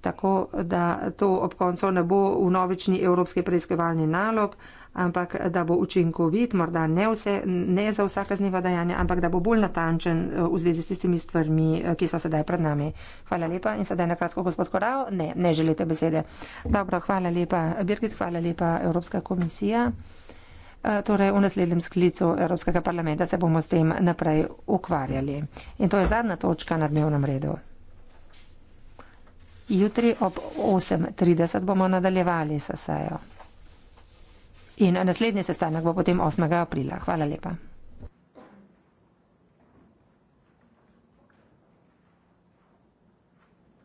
Tako da to ob koncu ne bo v novični evropski preiskovalni nalog ampak da bo učinkovit, morda ne, vse, ne za vsa kazniva dejanja, ampak da bo bolj natančen eh, v zvezi s tistimi stvarmi, eh, ki so sedaj pred nami. Hvala lepa in sedaj na kratko, gospod Korao. Ne, ne želite besede. Dobro, hvala lepa, Birgit, hvala lepa, Evropska komisija. Eh, torej, v naslednjem sklicu Evropskega parlamenta se bomo s tem naprej ukvarjali. In to je zadnja točka na dnevnem redu. Jutri ob 8.30 bomo nadaljevali s sejo. In naslednji sestanek bo potem 8. aprila. Hvala lepa.